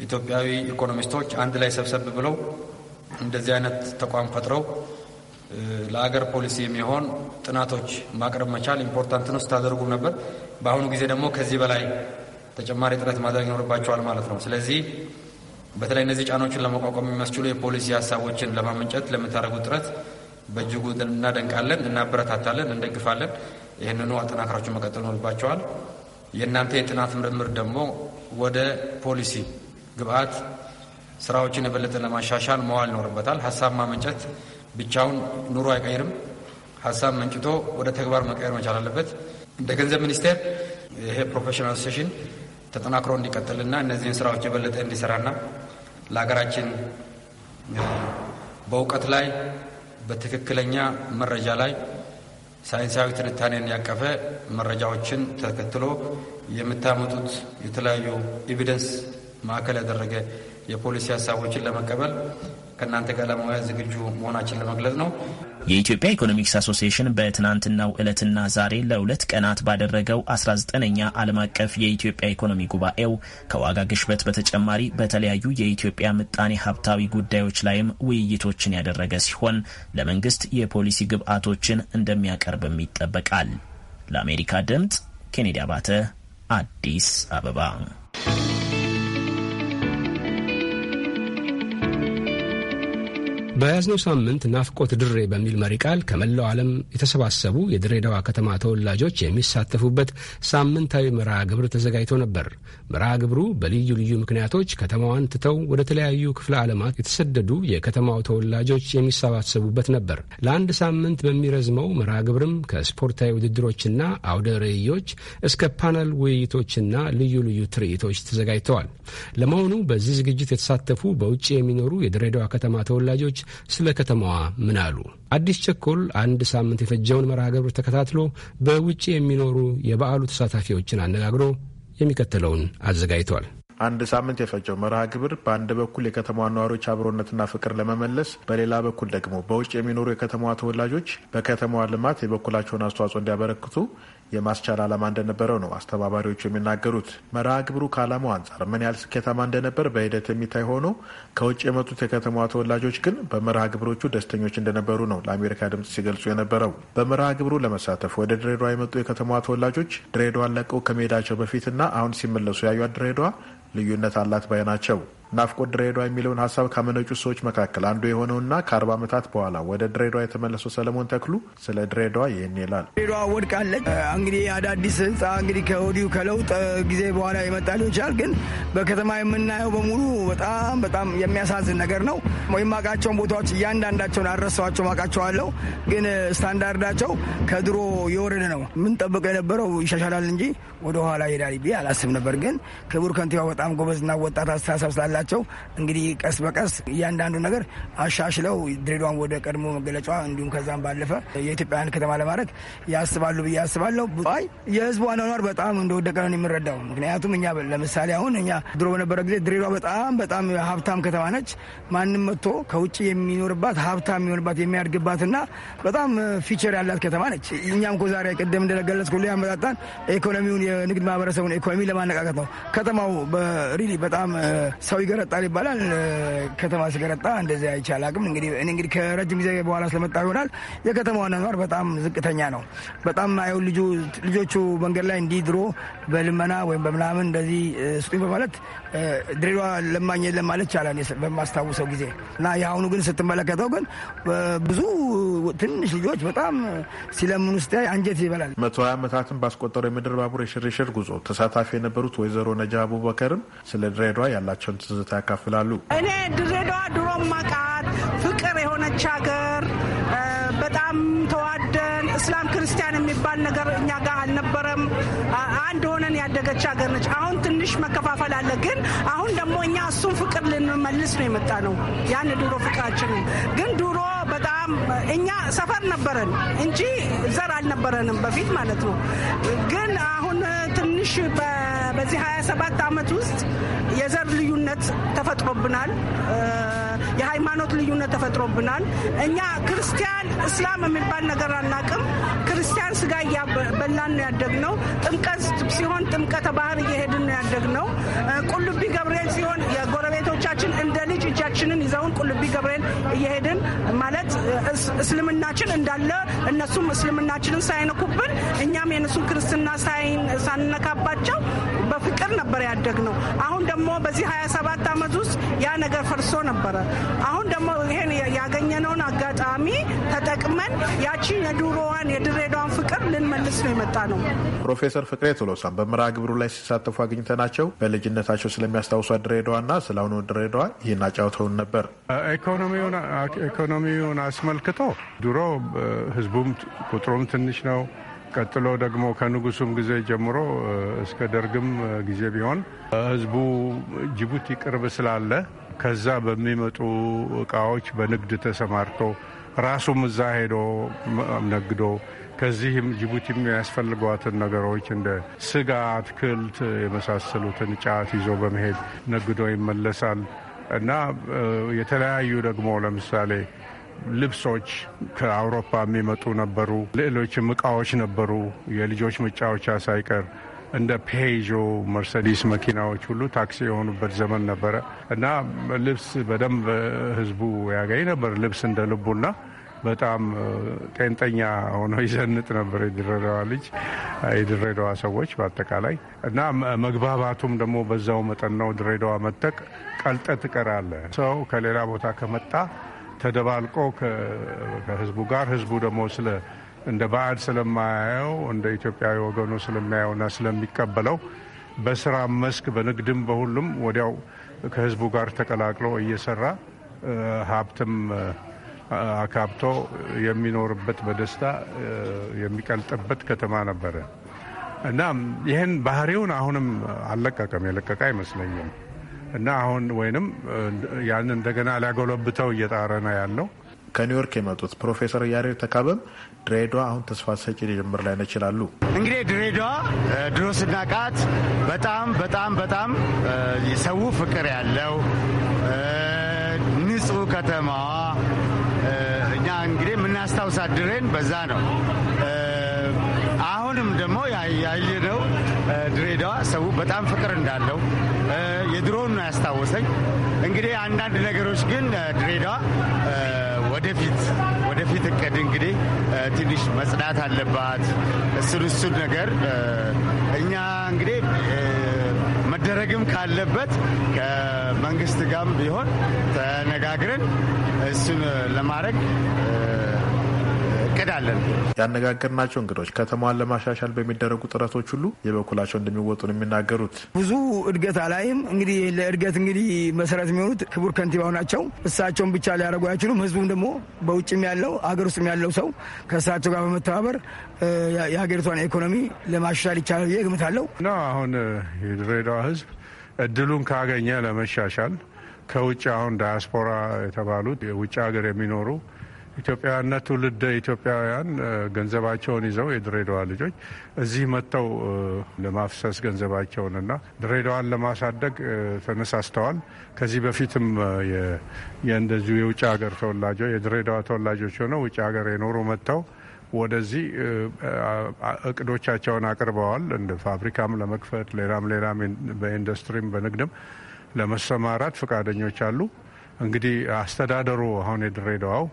ኢትዮጵያዊ ኢኮኖሚስቶች አንድ ላይ ሰብሰብ ብለው እንደዚህ አይነት ተቋም ፈጥረው ለአገር ፖሊሲ የሚሆን ጥናቶች ማቅረብ መቻል ኢምፖርታንት ነው ስታደርጉም ነበር። በአሁኑ ጊዜ ደግሞ ከዚህ በላይ ተጨማሪ ጥረት ማድረግ ይኖርባቸዋል ማለት ነው። ስለዚህ በተለይ እነዚህ ጫናዎችን ለመቋቋም የሚያስችሉ የፖሊሲ ሀሳቦችን ለማመንጨት ለምታደርጉት ጥረት በእጅጉ እናደንቃለን፣ እናበረታታለን፣ እንደግፋለን። ይህንኑ አጠናክራችሁ መቀጠል ይኖርባቸዋል። የእናንተ የጥናት ምርምር ደግሞ ወደ ፖሊሲ ግብአት ስራዎችን የበለጠ ለማሻሻል መዋል ይኖርበታል። ሀሳብ ማመንጨት ብቻውን ኑሮ አይቀይርም። ሀሳብ መንጭቶ ወደ ተግባር መቀየር መቻል አለበት። እንደ ገንዘብ ሚኒስቴር ይሄ ፕሮፌሽናል አሶሴሽን ተጠናክሮ እንዲቀጥልና እነዚህን ስራዎች የበለጠ እንዲሰራና ለሀገራችን በእውቀት ላይ በትክክለኛ መረጃ ላይ ሳይንሳዊ ትንታኔን ያቀፈ መረጃዎችን ተከትሎ የምታመጡት የተለያዩ ኤቪደንስ ማዕከል ያደረገ የፖሊሲ ሀሳቦችን ለመቀበል ከእናንተ ጋር ለመወያየት ዝግጁ መሆናችን ለመግለጽ ነው። የኢትዮጵያ ኢኮኖሚክስ አሶሲሽን በትናንትናው ዕለትና ዛሬ ለሁለት ቀናት ባደረገው 19ኛ ዓለም አቀፍ የኢትዮጵያ ኢኮኖሚ ጉባኤው ከዋጋ ግሽበት በተጨማሪ በተለያዩ የኢትዮጵያ ምጣኔ ሀብታዊ ጉዳዮች ላይም ውይይቶችን ያደረገ ሲሆን ለመንግስት የፖሊሲ ግብዓቶችን እንደሚያቀርብም ይጠበቃል። ለአሜሪካ ድምፅ ኬኔዲ አባተ አዲስ አበባ በያዝነው ሳምንት ናፍቆት ድሬ በሚል መሪ ቃል ከመላው ዓለም የተሰባሰቡ የድሬዳዋ ከተማ ተወላጆች የሚሳተፉበት ሳምንታዊ መርሃ ግብር ተዘጋጅቶ ነበር። መርሃ ግብሩ በልዩ ልዩ ምክንያቶች ከተማዋን ትተው ወደ ተለያዩ ክፍለ ዓለማት የተሰደዱ የከተማው ተወላጆች የሚሰባሰቡበት ነበር። ለአንድ ሳምንት በሚረዝመው መርሃ ግብርም ከስፖርታዊ ውድድሮችና አውደ ርዕዮች እስከ ፓነል ውይይቶችና ልዩ ልዩ ትርኢቶች ተዘጋጅተዋል። ለመሆኑ በዚህ ዝግጅት የተሳተፉ በውጭ የሚኖሩ የድሬዳዋ ከተማ ተወላጆች ስለ ከተማዋ ምን አሉ? አዲስ ቸኮል አንድ ሳምንት የፈጀውን መርሃ ግብር ተከታትሎ በውጭ የሚኖሩ የበዓሉ ተሳታፊዎችን አነጋግሮ የሚከተለውን አዘጋጅቷል። አንድ ሳምንት የፈጀው መርሃ ግብር በአንድ በኩል የከተማዋ ነዋሪዎች አብሮነትና ፍቅር ለመመለስ፣ በሌላ በኩል ደግሞ በውጭ የሚኖሩ የከተማዋ ተወላጆች በከተማዋ ልማት የበኩላቸውን አስተዋጽኦ እንዲያበረክቱ የማስቻል ዓላማ እንደነበረው ነው አስተባባሪዎቹ የሚናገሩት። መርሃ ግብሩ ከዓላማው አንጻር ምን ያህል ስኬታማ እንደነበር በሂደት የሚታይ ሆኖ ከውጭ የመጡት የከተማዋ ተወላጆች ግን በመርሃ ግብሮቹ ደስተኞች እንደነበሩ ነው ለአሜሪካ ድምጽ ሲገልጹ የነበረው። በመርሃ ግብሩ ለመሳተፍ ወደ ድሬዳዋ የመጡ የከተማዋ ተወላጆች ድሬዳዋን ለቀው ከመሄዳቸው በፊትና አሁን ሲመለሱ ያዩት ድሬዳዋ ልዩነት አላት ባይ ናቸው። ናፍቆት ድሬዳዋ የሚለውን ሀሳብ ከመነጩ ሰዎች መካከል አንዱ የሆነውና ከአርባ ዓመታት በኋላ ወደ ድሬዳዋ የተመለሰው ሰለሞን ተክሉ ስለ ድሬዳዋ ይህን ይላል። ድሬዳዋ ወድቃለች። እንግዲህ አዳዲስ ህንፃ እንግዲህ ከወዲሁ ከለውጥ ጊዜ በኋላ የመጣ ሊሆን ይችላል። ግን በከተማ የምናየው በሙሉ በጣም በጣም የሚያሳዝን ነገር ነው። አቃቸውን ቦታዎች እያንዳንዳቸውን ማቃቸው አለው ግን ስታንዳርዳቸው ከድሮ የወረደ ነው። የምንጠብቀው የነበረው ይሻሻላል እንጂ ወደኋላ ይሄዳል ብዬ አላስብ ነበር። ግን ክቡር ከንቲባ በጣም ጎበዝና ወጣት አስተሳሰብ ስላለ ስላላቸው እንግዲህ ቀስ በቀስ እያንዳንዱ ነገር አሻሽለው ድሬዳዋን ወደ ቀድሞ መገለጫዋ እንዲሁም ከዛም ባለፈ የኢትዮጵያን ከተማ ለማድረግ ያስባሉ ብዬ ያስባለሁ። አይ የህዝቡ አኗኗር በጣም እንደወደቀ ነው የምንረዳው። ምክንያቱም እኛ ለምሳሌ አሁን እኛ ድሮ በነበረ ጊዜ ድሬዳዋ በጣም በጣም ሀብታም ከተማ ነች። ማንም መጥቶ ከውጭ የሚኖርባት ሀብታም የሚሆንባት የሚያድግባትና በጣም ፊቸር ያላት ከተማ ነች። እኛም እኮ ዛሬ ቅድም እንደገለጽ ሁሉ ያመጣጣን ኢኮኖሚውን የንግድ ማህበረሰቡን ኢኮኖሚ ለማነቃቀት ነው። ከተማው በሪሊ በጣም ሰው ይገረጣል ይባላል። ከተማ ሲገረጣ እንደዚህ አይቻል አቅም እንግዲህ እኔ እንግዲህ ከረጅም ጊዜ በኋላ ስለመጣ ይሆናል። የከተማዋ ነኗር በጣም ዝቅተኛ ነው። በጣም ልጁ ልጆቹ መንገድ ላይ እንዲህ ድሮ በልመና ወይም በምናምን እንደዚህ ስጡኝ በማለት ድሬዳዋ ለማኝ የለም ማለት ይቻላል በማስታውሰው ጊዜ እና የአሁኑ ግን ስትመለከተው ግን ብዙ ትንሽ ልጆች በጣም ሲለምኑ ስታይ አንጀት ይበላል። መቶ ሀያ ዓመታትን ባስቆጠሩ የምድር ባቡር የሽርሽር ጉዞ ተሳታፊ የነበሩት ወይዘሮ ነጃ አቡበከርም ስለ ድሬዳዋ ያላቸውን ትዝታ ያካፍላሉ። እኔ ድሬዳዋ ድሮ ማቃት ፍቅር የሆነች ሀገር በጣም ተዋደን እስላም ክርስቲያን የሚባል ነገር እኛ ጋር አልነበረም። አንድ ሆነን ያደገች ሀገር ነች። አሁን ትንሽ መከፋፈል አለ፣ ግን አሁን ደግሞ እኛ እሱን ፍቅር ልንመልስ ነው የመጣ ነው። ያን ድሮ ፍቅራችን ግን ድሮ በጣም እኛ ሰፈር ነበረን እንጂ ዘር አልነበረንም በፊት ማለት ነው። ግን አሁን ትንሽ በዚህ 27 ዓመት ውስጥ የዘር ልዩነት ተፈጥሮብናል። የሃይማኖት ልዩነት ተፈጥሮብናል። እኛ ክርስቲያን እስላም የሚባል ነገር አናቅም። ክርስቲያን ስጋ እያበላን ነው ነው። ጥምቀት ሲሆን ጥምቀተ ባህር እየሄድን ነው ነው። ቁልቢ ገብርኤል ሲሆን የጎረቤ ልጆቻችን እንደ ልጅ እጃችንን ይዘውን ቁልቢ ገብርኤል እየሄድን ማለት እስልምናችን እንዳለ እነሱም እስልምናችንን ሳይነኩብን እኛም የእነሱን ክርስትና ሳንነካባቸው በፍቅር ነበር ያደግ ነው። አሁን ደግሞ በዚህ 27 ዓመት ውስጥ ያ ነገር ፈርሶ ነበረ። አሁን ደግሞ ይሄን ያገኘነውን አጋጣሚ ተጠቅመን ያቺን የዱሮዋን የድሬዳዋን ፍቅር ልንመልስ ነው የመጣ ነው። ፕሮፌሰር ፍቅሬ ቶሎሳ በምራ ግብሩ ላይ ሲሳተፉ አግኝተናቸው በልጅነታቸው ስለሚያስታውሷት ድሬዳዋና ስለአሁኑ ድሬዳዋ ይህን አጫውተውን ነበር። ኢኮኖሚውን አስመልክቶ ድሮ ህዝቡም ቁጥሩም ትንሽ ነው። ቀጥሎ ደግሞ ከንጉሱም ጊዜ ጀምሮ እስከ ደርግም ጊዜ ቢሆን ህዝቡ ጅቡቲ ቅርብ ስላለ ከዛ በሚመጡ እቃዎች በንግድ ተሰማርቶ ራሱም እዛ ሄዶ ነግዶ ከዚህም ጅቡቲ የሚያስፈልጓትን ነገሮች እንደ ስጋ፣ አትክልት የመሳሰሉትን ጫት ይዞ በመሄድ ነግዶ ይመለሳል እና የተለያዩ ደግሞ ለምሳሌ ልብሶች ከአውሮፓ የሚመጡ ነበሩ። ሌሎችም እቃዎች ነበሩ፣ የልጆች መጫወቻ ሳይቀር እንደ ፔዦ መርሰዲስ መኪናዎች ሁሉ ታክሲ የሆኑበት ዘመን ነበረ እና ልብስ በደንብ ህዝቡ ያገኝ ነበር። ልብስ እንደ ልቡና በጣም ጤንጠኛ ሆኖ ይዘንጥ ነበር የድሬዳዋ ልጅ፣ የድሬዳዋ ሰዎች በአጠቃላይ እና መግባባቱም ደግሞ በዛው መጠን ነው። ድሬዳዋ መጠቅ ቀልጠ ትቀራለ። ሰው ከሌላ ቦታ ከመጣ ተደባልቆ ከህዝቡ ጋር ህዝቡ ደግሞ ስለ እንደ ባዕድ ስለማያየው እንደ ኢትዮጵያዊ ወገኑ ስለሚያየውና ስለሚቀበለው በስራ መስክ በንግድም በሁሉም ወዲያው ከህዝቡ ጋር ተቀላቅሎ እየሰራ ሀብትም አካብቶ የሚኖርበት በደስታ የሚቀልጥበት ከተማ ነበረ እና ይህን ባህሪውን አሁንም አልለቀቀም፣ የለቀቀ አይመስለኝም። እና አሁን ወይንም ያን እንደገና ሊያጎለብተው እየጣረ ነው ያለው። ከኒውዮርክ የመጡት ፕሮፌሰር ያሬድ ተካበም ድሬዳዋ አሁን ተስፋ ሰጪ ሊጀምር ላይ ነች ይላሉ። እንግዲህ ድሬዳዋ ድሮ ስናቃት በጣም በጣም በጣም የሰው ፍቅር ያለው ንጹህ ከተማዋ እኛ እንግዲህ የምናስታውሳት ድሬን በዛ ነው። አሁንም ደግሞ ያየነው ድሬዳዋ ሰው በጣም ፍቅር እንዳለው የድሮውን ነው ያስታወሰኝ። እንግዲህ አንዳንድ ነገሮች ግን ድሬዳዋ ወደፊት የወደፊት እቅድ እንግዲህ ትንሽ መጽዳት አለባት። እሱን እሱን ነገር እኛ እንግዲህ መደረግም ካለበት ከመንግስት ጋርም ቢሆን ተነጋግረን እሱን ለማድረግ እንሄዳለን። ያነጋገርናቸው እንግዶች ከተማዋን ለማሻሻል በሚደረጉ ጥረቶች ሁሉ የበኩላቸው እንደሚወጡ ነው የሚናገሩት። ብዙ እድገት አላይም። እንግዲህ ለእድገት እንግዲህ መሰረት የሚሆኑት ክቡር ከንቲባው ናቸው። እሳቸውን ብቻ ሊያደርጉ አይችሉም። ህዝቡም ደግሞ በውጭም ያለው አገር ውስጥም ያለው ሰው ከእሳቸው ጋር በመተባበር የሀገሪቷን ኢኮኖሚ ለማሻሻል ይቻላል ብዬ እገምታለሁ እና አሁን የድሬዳዋ ህዝብ እድሉን ካገኘ ለመሻሻል ከውጭ አሁን ዳያስፖራ የተባሉት የውጭ ሀገር የሚኖሩ ኢትዮጵያውያንና ትውልደ ኢትዮጵያውያን ገንዘባቸውን ይዘው የድሬዳዋ ልጆች እዚህ መጥተው ለማፍሰስ ገንዘባቸውንና ድሬዳዋን ለማሳደግ ተነሳስተዋል። ከዚህ በፊትም እንደዚሁ የውጭ ሀገር ተወላጆች የድሬዳዋ ተወላጆች ሆነው ውጭ ሀገር የኖሩ መጥተው ወደዚህ እቅዶቻቸውን አቅርበዋል። እንደ ፋብሪካም ለመክፈት ሌላም ሌላም በኢንዱስትሪም በንግድም ለመሰማራት ፈቃደኞች አሉ። እንግዲህ አስተዳደሩ አሁን የድሬዳዋው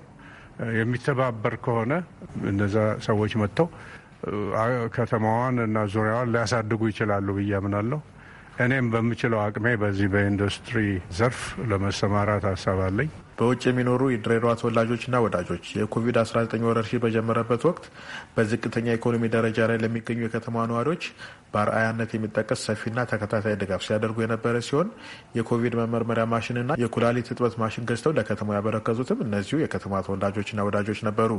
የሚተባበር ከሆነ እነዛ ሰዎች መጥተው ከተማዋን እና ዙሪያዋን ሊያሳድጉ ይችላሉ ብዬ አምናለሁ። እኔም በምችለው አቅሜ በዚህ በኢንዱስትሪ ዘርፍ ለመሰማራት ሀሳብ አለኝ። በውጭ የሚኖሩ የድሬዳዋ ተወላጆችና ወዳጆች የኮቪድ-19 ወረርሽኝ በጀመረበት ወቅት በዝቅተኛ ኢኮኖሚ ደረጃ ላይ ለሚገኙ የከተማ ነዋሪዎች በአርአያነት የሚጠቀስ ሰፊና ተከታታይ ድጋፍ ሲያደርጉ የነበረ ሲሆን የኮቪድ መመርመሪያ ማሽንና የኩላሊት እጥበት ማሽን ገዝተው ለከተማው ያበረከቱትም እነዚሁ የከተማ ተወላጆችና ወዳጆች ነበሩ።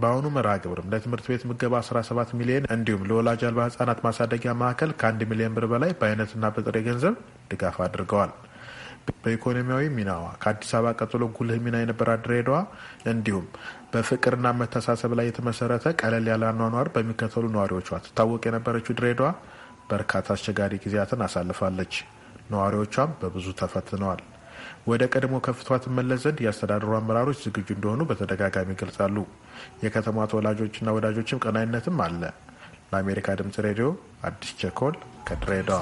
በአሁኑ መርሃ ግብርም ለትምህርት ቤት ምገባ 17 ሚሊዮን እንዲሁም ለወላጅ አልባ ህጻናት ማሳደጊያ ማዕከል ከ1 ሚሊዮን ብር በላይ በአይነትና በጥሬ ገንዘብ ድጋፍ አድርገዋል። በኢኮኖሚያዊ ሚናዋ ከአዲስ አበባ ቀጥሎ ጉልህ ሚና የነበራት ድሬዳዋ እንዲሁም በፍቅርና መተሳሰብ ላይ የተመሰረተ ቀለል ያለ አኗኗር በሚከተሉ ነዋሪዎቿ ትታወቅ የነበረችው ድሬዳዋ በርካታ አስቸጋሪ ጊዜያትን አሳልፋለች። ነዋሪዎቿም በብዙ ተፈትነዋል። ወደ ቀድሞ ከፍቷ ትመለስ ዘንድ የአስተዳደሩ አመራሮች ዝግጁ እንደሆኑ በተደጋጋሚ ይገልጻሉ። የከተማ ተወላጆችና ወዳጆችም ቀናይነትም አለ። ለአሜሪካ ድምጽ ሬዲዮ አዲስ ቸኮል ከድሬዳዋ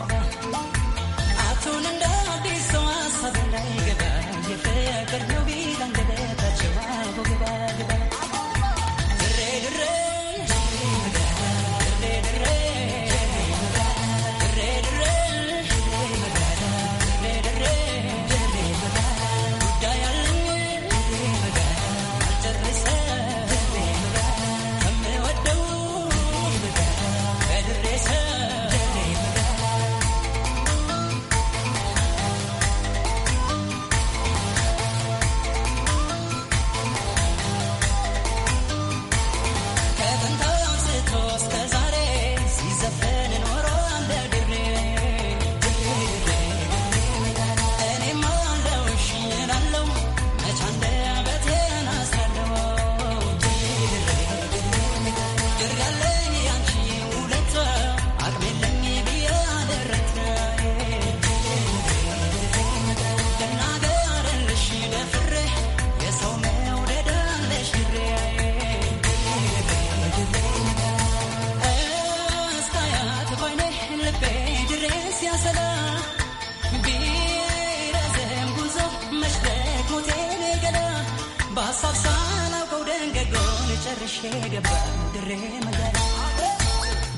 ገባ ድሬ መገራ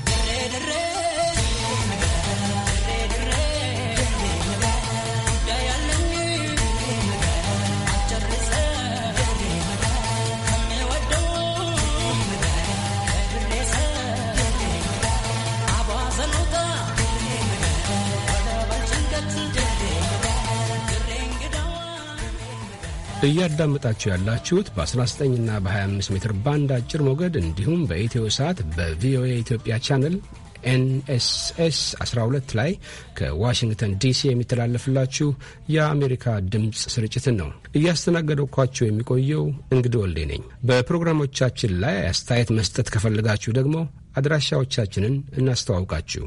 ድሬ ድሬ እያዳመጣችሁ ያላችሁት በ19ና በ25 ሜትር ባንድ አጭር ሞገድ እንዲሁም በኢትዮ ሰዓት በቪኦኤ ኢትዮጵያ ቻነል ኤንኤስኤስ 12 ላይ ከዋሽንግተን ዲሲ የሚተላለፍላችሁ የአሜሪካ ድምፅ ስርጭትን ነው። እያስተናገደኳችሁ የሚቆየው እንግዲ ወልዴ ነኝ። በፕሮግራሞቻችን ላይ አስተያየት መስጠት ከፈለጋችሁ ደግሞ አድራሻዎቻችንን እናስተዋውቃችሁ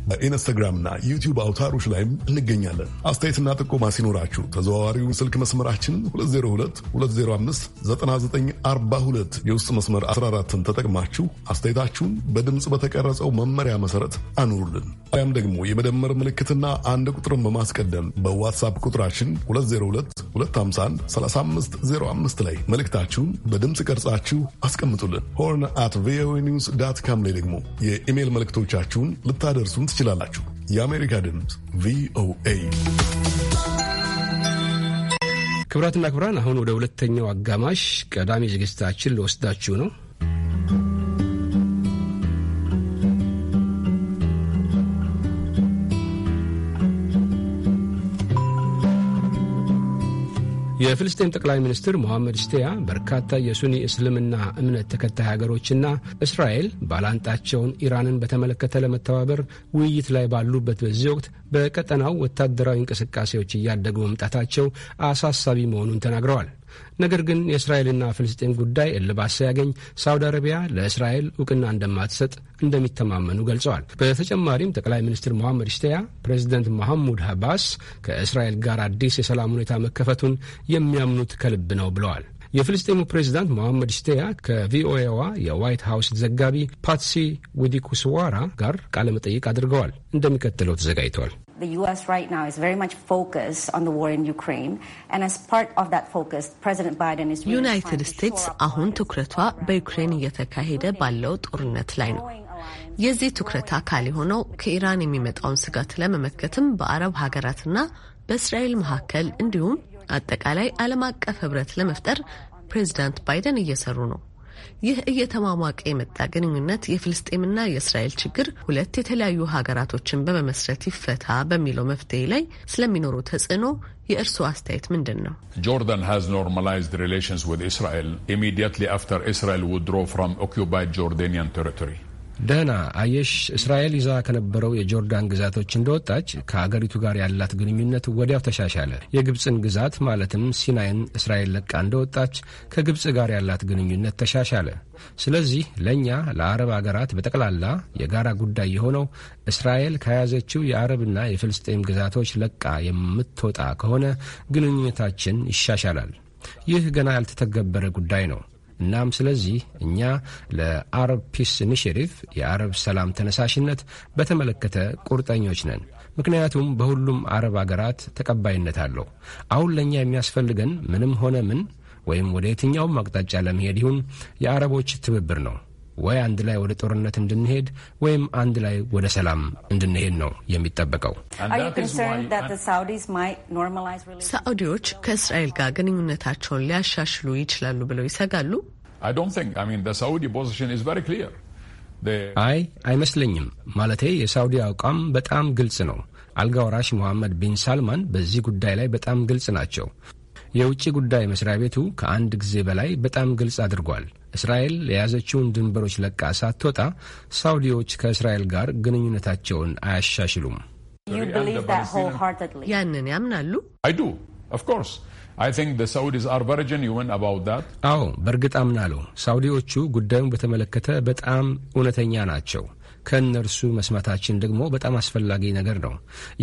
በኢንስታግራምና ዩቲዩብ አውታሮች ላይም እንገኛለን። አስተያየትና ጥቆማ ሲኖራችሁ ተዘዋዋሪው ስልክ መስመራችን 2022059942 የውስጥ መስመር 14ን ተጠቅማችሁ አስተያየታችሁን በድምፅ በተቀረጸው መመሪያ መሰረት አኑሩልን። ያም ደግሞ የመደመር ምልክትና አንድ ቁጥርን በማስቀደም በዋትሳፕ ቁጥራችን 2022513505 ላይ መልእክታችሁን በድምፅ ቀርጻችሁ አስቀምጡልን። ሆርን አት ቪኦኤ ኒውስ ዳት ካም ላይ ደግሞ የኢሜይል መልእክቶቻችሁን ልታደርሱን ትችላላችሁ። የአሜሪካ ድምፅ ቪኦኤ። ክብራትና ክብራን፣ አሁን ወደ ሁለተኛው አጋማሽ ቀዳሚ ዝግጅታችን ልወስዳችሁ ነው። የፍልስጤም ጠቅላይ ሚኒስትር ሞሐመድ ስቴያ በርካታ የሱኒ እስልምና እምነት ተከታይ ሀገሮችና እስራኤል ባላንጣቸውን ኢራንን በተመለከተ ለመተባበር ውይይት ላይ ባሉበት በዚህ ወቅት በቀጠናው ወታደራዊ እንቅስቃሴዎች እያደጉ መምጣታቸው አሳሳቢ መሆኑን ተናግረዋል። ነገር ግን የእስራኤልና ፍልስጤም ጉዳይ እልባት ሳያገኝ ሳውዲ አረቢያ ለእስራኤል እውቅና እንደማትሰጥ እንደሚተማመኑ ገልጸዋል። በተጨማሪም ጠቅላይ ሚኒስትር መሐመድ ሽተያ ፕሬዚደንት መሐሙድ ሀባስ ከእስራኤል ጋር አዲስ የሰላም ሁኔታ መከፈቱን የሚያምኑት ከልብ ነው ብለዋል። የፍልስጤሙ ፕሬዚዳንት መሐመድ ሽተያ ከቪኦኤዋ የዋይት ሀውስ ዘጋቢ ፓትሲ ዊዲኩስዋራ ጋር ቃለመጠይቅ አድርገዋል። እንደሚከተለው ተዘጋጅተዋል። the U.S. right now is very much focused on the war in Ukraine, and as part of that focus, President Biden is. ዩናይትድ ስቴትስ አሁን ትኩረቷ በዩክሬን እየተካሄደ ባለው ጦርነት ላይ ነው። የዚህ ትኩረት አካል የሆነው ከኢራን የሚመጣውን ስጋት ለመመከትም በአረብ ሀገራትና በእስራኤል መካከል እንዲሁም አጠቃላይ ዓለም አቀፍ ህብረት ለመፍጠር ፕሬዚዳንት ባይደን እየሰሩ ነው። ይህ እየተሟሟቀ የመጣ ግንኙነት የፍልስጤምና የእስራኤል ችግር ሁለት የተለያዩ ሀገራቶችን በመመስረት ይፈታ በሚለው መፍትሄ ላይ ስለሚኖሩ ተጽዕኖ የእርስዎ አስተያየት ምንድን ነው? ጆርዳን ሃዝ ኖርማላይዝድ ሪሌሽንስ ዊዝ እስራኤል ኢሚዲየትሊ አፍተር እስራኤል ውድሮ ፍሮም ኦኩፓይድ ጆርዳኒያን ቴሪቶሪ ደህና አየሽ፣ እስራኤል ይዛ ከነበረው የጆርዳን ግዛቶች እንደወጣች ከአገሪቱ ጋር ያላት ግንኙነት ወዲያው ተሻሻለ። የግብፅን ግዛት ማለትም ሲናይን እስራኤል ለቃ እንደወጣች ከግብፅ ጋር ያላት ግንኙነት ተሻሻለ። ስለዚህ ለእኛ ለአረብ አገራት በጠቅላላ የጋራ ጉዳይ የሆነው እስራኤል ከያዘችው የአረብና የፍልስጤም ግዛቶች ለቃ የምትወጣ ከሆነ ግንኙነታችን ይሻሻላል። ይህ ገና ያልተተገበረ ጉዳይ ነው። እናም ስለዚህ እኛ ለአረብ ፒስ ኢኒሽቲቭ የአረብ ሰላም ተነሳሽነት በተመለከተ ቁርጠኞች ነን። ምክንያቱም በሁሉም አረብ አገራት ተቀባይነት አለው። አሁን ለእኛ የሚያስፈልገን ምንም ሆነ ምን ወይም ወደ የትኛውም አቅጣጫ ለመሄድ ይሁን የአረቦች ትብብር ነው። ወይ አንድ ላይ ወደ ጦርነት እንድንሄድ ወይም አንድ ላይ ወደ ሰላም እንድንሄድ ነው የሚጠበቀው። ሳዑዲዎች ከእስራኤል ጋር ግንኙነታቸውን ሊያሻሽሉ ይችላሉ ብለው ይሰጋሉ? አይ አይመስለኝም። ማለቴ የሳዑዲ አቋም በጣም ግልጽ ነው። አልጋ ወራሽ ሞሐመድ ቢን ሳልማን በዚህ ጉዳይ ላይ በጣም ግልጽ ናቸው። የውጭ ጉዳይ መስሪያ ቤቱ ከአንድ ጊዜ በላይ በጣም ግልጽ አድርጓል። እስራኤል የያዘችውን ድንበሮች ለቃ ሳትወጣ ሳውዲዎች ከእስራኤል ጋር ግንኙነታቸውን አያሻሽሉም። ያንን ያምናሉ? አዎ፣ በእርግጥ አምናለሁ። ሳውዲዎቹ ጉዳዩን በተመለከተ በጣም እውነተኛ ናቸው። ከእነርሱ መስማታችን ደግሞ በጣም አስፈላጊ ነገር ነው።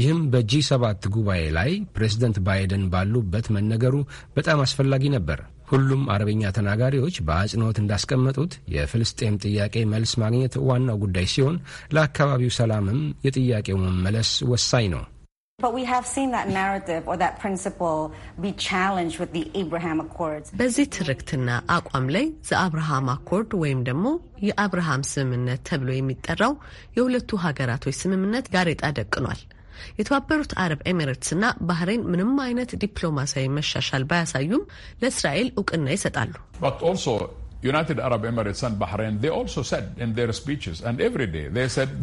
ይህም በጂ ሰባት ጉባኤ ላይ ፕሬዝደንት ባይደን ባሉበት መነገሩ በጣም አስፈላጊ ነበር። ሁሉም አረብኛ ተናጋሪዎች በአጽንኦት እንዳስቀመጡት የፍልስጤም ጥያቄ መልስ ማግኘት ዋናው ጉዳይ ሲሆን ለአካባቢው ሰላምም የጥያቄው መመለስ ወሳኝ ነው። በዚህ ትርክትና አቋም ላይ ዘአብርሃም አኮርድ ወይም ደግሞ የአብርሃም ስምምነት ተብሎ የሚጠራው የሁለቱ ሀገራቶች ስምምነት ጋሬጣ ደቅኗል። የተባበሩት አረብ ኤሚሬትስና ባህሬን ምንም አይነት ዲፕሎማሲያዊ መሻሻል ባያሳዩም ለእስራኤል እውቅና ይሰጣሉ።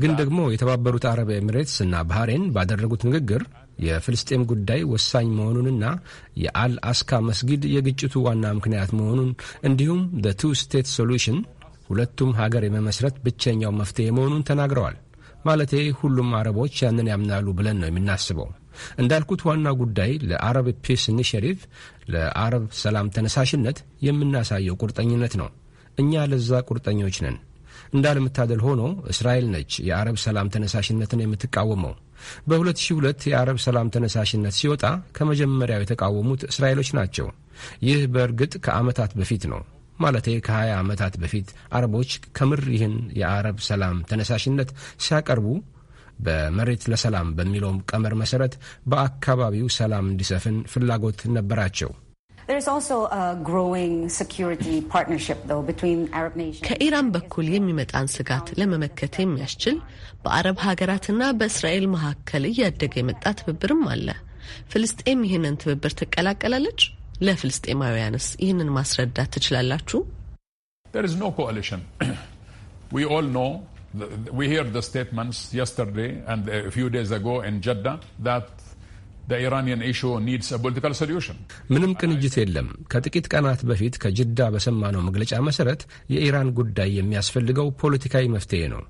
ግን ደግሞ የተባበሩት አረብ ኤሚሬትስ እና ባህሬን ባደረጉት ንግግር የፍልስጤም ጉዳይ ወሳኝ መሆኑንና የአል አስካ መስጊድ የግጭቱ ዋና ምክንያት መሆኑን እንዲሁም ቱ ስቴት ሶሉሽን ሁለቱም ሀገር የመመስረት ብቸኛው መፍትሄ መሆኑን ተናግረዋል። ማለቴ ሁሉም አረቦች ያንን ያምናሉ ብለን ነው የምናስበው። እንዳልኩት ዋና ጉዳይ ለአረብ ፒስ ኢኒሽቲቭ፣ ለአረብ ሰላም ተነሳሽነት የምናሳየው ቁርጠኝነት ነው። እኛ ለዛ ቁርጠኞች ነን። እንዳለመታደል ሆኖ እስራኤል ነች የአረብ ሰላም ተነሳሽነትን የምትቃወመው። በ2002 የአረብ ሰላም ተነሳሽነት ሲወጣ ከመጀመሪያው የተቃወሙት እስራኤሎች ናቸው። ይህ በእርግጥ ከዓመታት በፊት ነው። ማለቴ ከ20 ዓመታት በፊት አረቦች ከምር ይህን የአረብ ሰላም ተነሳሽነት ሲያቀርቡ በመሬት ለሰላም በሚለውም ቀመር መሰረት በአካባቢው ሰላም እንዲሰፍን ፍላጎት ነበራቸው። ከኢራን በኩል የሚመጣን ስጋት ለመመከት የሚያስችል በአረብ ሀገራትና በእስራኤል መካከል እያደገ የመጣ ትብብርም አለ። ፍልስጤም ይህንን ትብብር ትቀላቀላለች? ለፍልስጤማውያንስ ይህንን ማስረዳት ትችላላችሁ? ምንም ቅንጅት የለም። ከጥቂት ቀናት በፊት ከጅዳ በሰማነው መግለጫ መሰረት የኢራን ጉዳይ የሚያስፈልገው ፖለቲካዊ መፍትሄ ነው።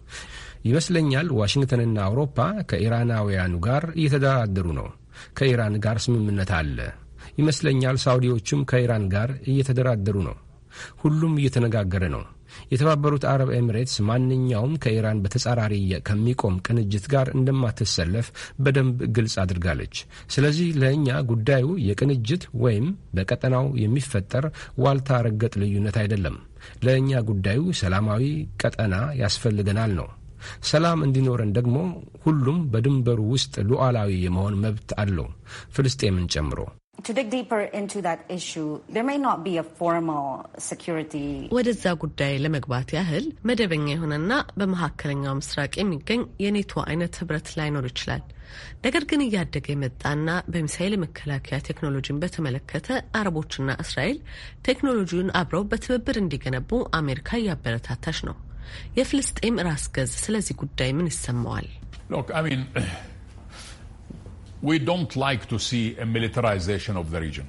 ይመስለኛል ዋሽንግተንና አውሮፓ ከኢራናውያኑ ጋር እየተደራደሩ ነው። ከኢራን ጋር ስምምነት አለ። ይመስለኛል ሳውዲዎቹም ከኢራን ጋር እየተደራደሩ ነው። ሁሉም እየተነጋገረ ነው። የተባበሩት አረብ ኤሚሬትስ ማንኛውም ከኢራን በተጻራሪ ከሚቆም ቅንጅት ጋር እንደማትሰለፍ በደንብ ግልጽ አድርጋለች። ስለዚህ ለእኛ ጉዳዩ የቅንጅት ወይም በቀጠናው የሚፈጠር ዋልታ ረገጥ ልዩነት አይደለም። ለእኛ ጉዳዩ ሰላማዊ ቀጠና ያስፈልገናል ነው። ሰላም እንዲኖረን ደግሞ ሁሉም በድንበሩ ውስጥ ሉዓላዊ የመሆን መብት አለው፣ ፍልስጤምን ጨምሮ። ወደዛ ጉዳይ ለመግባት ያህል መደበኛ የሆነና በመካከለኛው ምስራቅ የሚገኝ የኔቶ አይነት ህብረት ላይኖር ይችላል። ነገር ግን እያደገ የመጣና በሚሳይል መከላከያ ቴክኖሎጂን በተመለከተ አረቦችና እስራኤል ቴክኖሎጂውን አብረው በትብብር እንዲገነቡ አሜሪካ እያበረታታች ነው። የፍልስጤም ራስ ገዝ ስለዚህ ጉዳይ ምን ይሰማዋል? we don't like to see a militarization of the region.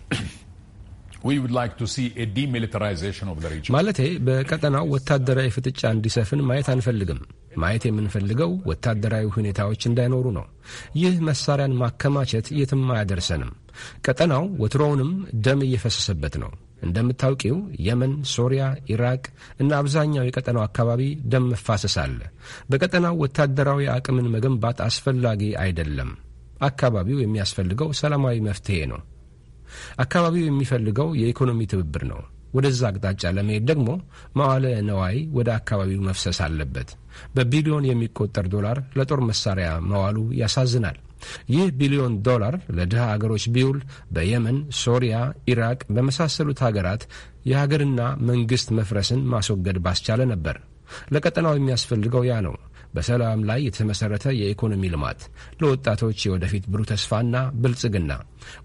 ማለቴ በቀጠናው ወታደራዊ ፍጥጫ እንዲሰፍን ማየት አንፈልግም። ማየት የምንፈልገው ወታደራዊ ሁኔታዎች እንዳይኖሩ ነው። ይህ መሳሪያን ማከማቸት የትም አያደርሰንም። ቀጠናው ወትሮውንም ደም እየፈሰሰበት ነው። እንደምታውቂው የመን፣ ሶሪያ፣ ኢራቅ እና አብዛኛው የቀጠናው አካባቢ ደም መፋሰስ አለ። በቀጠናው ወታደራዊ አቅምን መገንባት አስፈላጊ አይደለም። አካባቢው የሚያስፈልገው ሰላማዊ መፍትሄ ነው። አካባቢው የሚፈልገው የኢኮኖሚ ትብብር ነው። ወደዛ አቅጣጫ ለመሄድ ደግሞ መዋለ ነዋይ ወደ አካባቢው መፍሰስ አለበት። በቢሊዮን የሚቆጠር ዶላር ለጦር መሳሪያ መዋሉ ያሳዝናል። ይህ ቢሊዮን ዶላር ለድሃ አገሮች ቢውል በየመን፣ ሶሪያ፣ ኢራቅ በመሳሰሉት ሀገራት የሀገርና መንግስት መፍረስን ማስወገድ ባስቻለ ነበር። ለቀጠናው የሚያስፈልገው ያ ነው። በሰላም ላይ የተመሰረተ የኢኮኖሚ ልማት፣ ለወጣቶች የወደፊት ብሩህ ተስፋና ብልጽግና።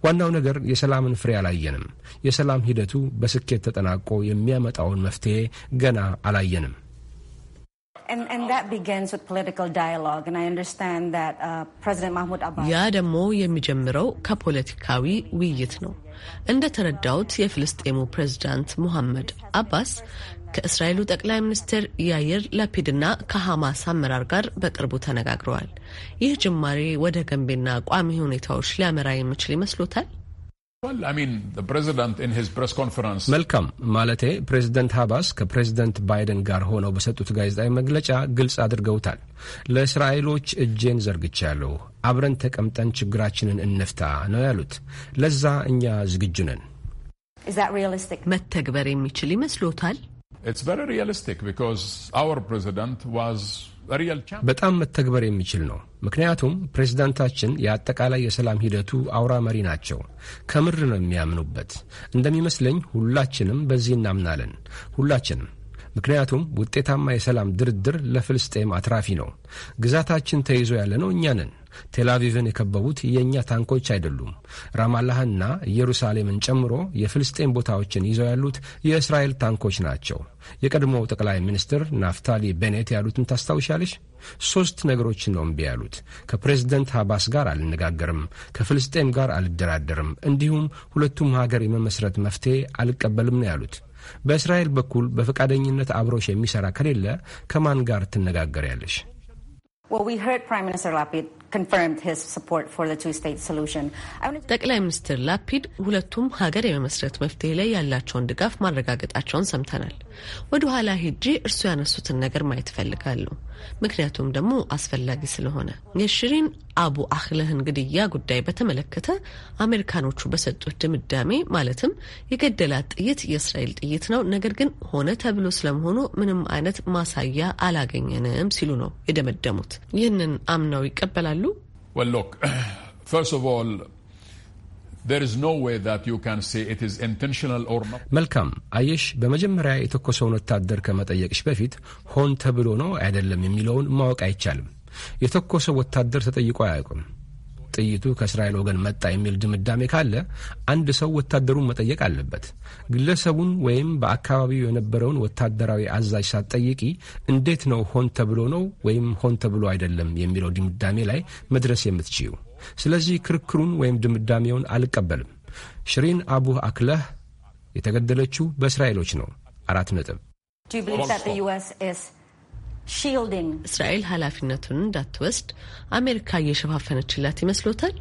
ዋናው ነገር የሰላምን ፍሬ አላየንም። የሰላም ሂደቱ በስኬት ተጠናቆ የሚያመጣውን መፍትሄ ገና አላየንም። Uh, ያ ደግሞ የሚጀምረው ከፖለቲካዊ ውይይት ነው። እንደተረዳሁት የፍልስጤሙ ፕሬዝዳንት ሙሐመድ አባስ ከእስራኤሉ ጠቅላይ ሚኒስትር ያየር ላፒድና ከሐማስ አመራር ጋር በቅርቡ ተነጋግረዋል። ይህ ጅማሬ ወደ ገንቢና ቋሚ ሁኔታዎች ሊያመራ የሚችል ይመስሎታል? መልካም ማለቴ ፕሬዝደንት ሀባስ ከፕሬዝደንት ባይደን ጋር ሆነው በሰጡት ጋዜጣዊ መግለጫ ግልጽ አድርገውታል። ለእስራኤሎች እጄን ዘርግቻለሁ፣ አብረን ተቀምጠን ችግራችንን እንፍታ ነው ያሉት። ለዛ እኛ ዝግጁ ነን። መተግበር የሚችል ይመስሎታል? በጣም መተግበር የሚችል ነው። ምክንያቱም ፕሬዚዳንታችን የአጠቃላይ የሰላም ሂደቱ አውራ መሪ ናቸው። ከምር ነው የሚያምኑበት። እንደሚመስለኝ ሁላችንም በዚህ እናምናለን። ሁላችንም ምክንያቱም ውጤታማ የሰላም ድርድር ለፍልስጤም አትራፊ ነው። ግዛታችን ተይዞ ያለ እኛ ነን። ቴላቪቭን የከበቡት የእኛ ታንኮች አይደሉም። ራማላህና ኢየሩሳሌምን ጨምሮ የፍልስጤን ቦታዎችን ይዘው ያሉት የእስራኤል ታንኮች ናቸው። የቀድሞው ጠቅላይ ሚኒስትር ናፍታሊ ቤኔት ያሉትን ታስታውሻለሽ? ሶስት ነገሮችን ነው እምቢ ያሉት። ከፕሬዝደንት ሀባስ ጋር አልነጋገርም፣ ከፍልስጤም ጋር አልደራደርም፣ እንዲሁም ሁለቱም ሀገር የመመስረት መፍትሄ አልቀበልም ነው ያሉት። በእስራኤል በኩል በፈቃደኝነት አብሮሽ የሚሰራ ከሌለ ከማን ጋር ትነጋገሪያለሽ? Well, we heard Prime Minister Lapid ጠቅላይ ሚኒስትር ላፒድ ሁለቱም ሀገር የመመስረት መፍትሄ ላይ ያላቸውን ድጋፍ ማረጋገጣቸውን ሰምተናል። ወደ ኋላ ሄጄ እርሱ ያነሱትን ነገር ማየት እፈልጋለሁ፣ ምክንያቱም ደግሞ አስፈላጊ ስለሆነ። የሽሪን አቡ አክለህን ግድያ ጉዳይ በተመለከተ አሜሪካኖቹ በሰጡት ድምዳሜ ማለትም የገደላት ጥይት የእስራኤል ጥይት ነው፣ ነገር ግን ሆነ ተብሎ ስለመሆኑ ምንም አይነት ማሳያ አላገኘንም ሲሉ ነው የደመደሙት። ይህንን አምነው ይቀበላሉ Well, look, first of all, there is no way that you can say it is intentional or not. መልካም አየሽ፣ በመጀመሪያ የተኮሰውን ወታደር ከመጠየቅሽ በፊት ሆን ተብሎ ነው አይደለም የሚለውን ማወቅ አይቻልም። የተኮሰው ወታደር ተጠይቆ አያውቅም። ጥይቱ ከእስራኤል ወገን መጣ የሚል ድምዳሜ ካለ አንድ ሰው ወታደሩን መጠየቅ አለበት። ግለሰቡን ወይም በአካባቢው የነበረውን ወታደራዊ አዛዥ ሳትጠይቂ እንዴት ነው ሆን ተብሎ ነው ወይም ሆን ተብሎ አይደለም የሚለው ድምዳሜ ላይ መድረስ የምትችይው። ስለዚህ ክርክሩን ወይም ድምዳሜውን አልቀበልም። ሽሪን አቡ አክለህ የተገደለችው በእስራኤሎች ነው። አራት ነጥብ እስራኤል ኃላፊነቱን እንዳትወስድ አሜሪካ እየሸፋፈነችላት ይመስሎታል?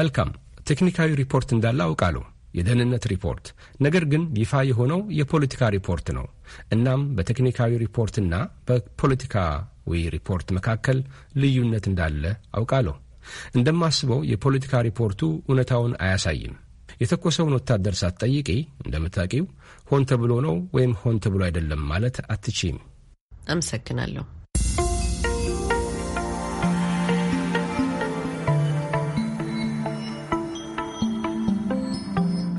መልካም ቴክኒካዊ ሪፖርት እንዳለ አውቃለሁ፣ የደህንነት ሪፖርት። ነገር ግን ይፋ የሆነው የፖለቲካ ሪፖርት ነው። እናም በቴክኒካዊ ሪፖርትና በፖለቲካዊ ሪፖርት መካከል ልዩነት እንዳለ አውቃለሁ። እንደማስበው የፖለቲካ ሪፖርቱ እውነታውን አያሳይም። የተኮሰውን ወታደር ሳትጠይቂ እንደምታውቂው ሆን ተብሎ ነው ወይም ሆን ተብሎ አይደለም ማለት አትችም። አመሰግናለሁ።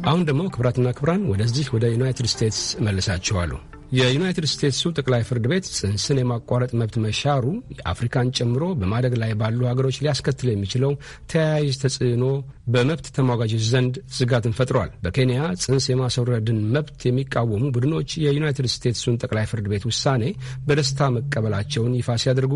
አሁን ደግሞ ክብራትና ክብራን ወደዚህ ወደ ዩናይትድ ስቴትስ መልሳችኋሉ። የዩናይትድ ስቴትሱ ጠቅላይ ፍርድ ቤት ጽንስን የማቋረጥ መብት መሻሩ አፍሪካን ጨምሮ በማደግ ላይ ባሉ ሀገሮች ሊያስከትል የሚችለው ተያያዥ ተጽዕኖ በመብት ተሟጋጆች ዘንድ ስጋትን ፈጥሯል። በኬንያ ጽንስ የማስወረድን መብት የሚቃወሙ ቡድኖች የዩናይትድ ስቴትሱን ጠቅላይ ፍርድ ቤት ውሳኔ በደስታ መቀበላቸውን ይፋ ሲያደርጉ፣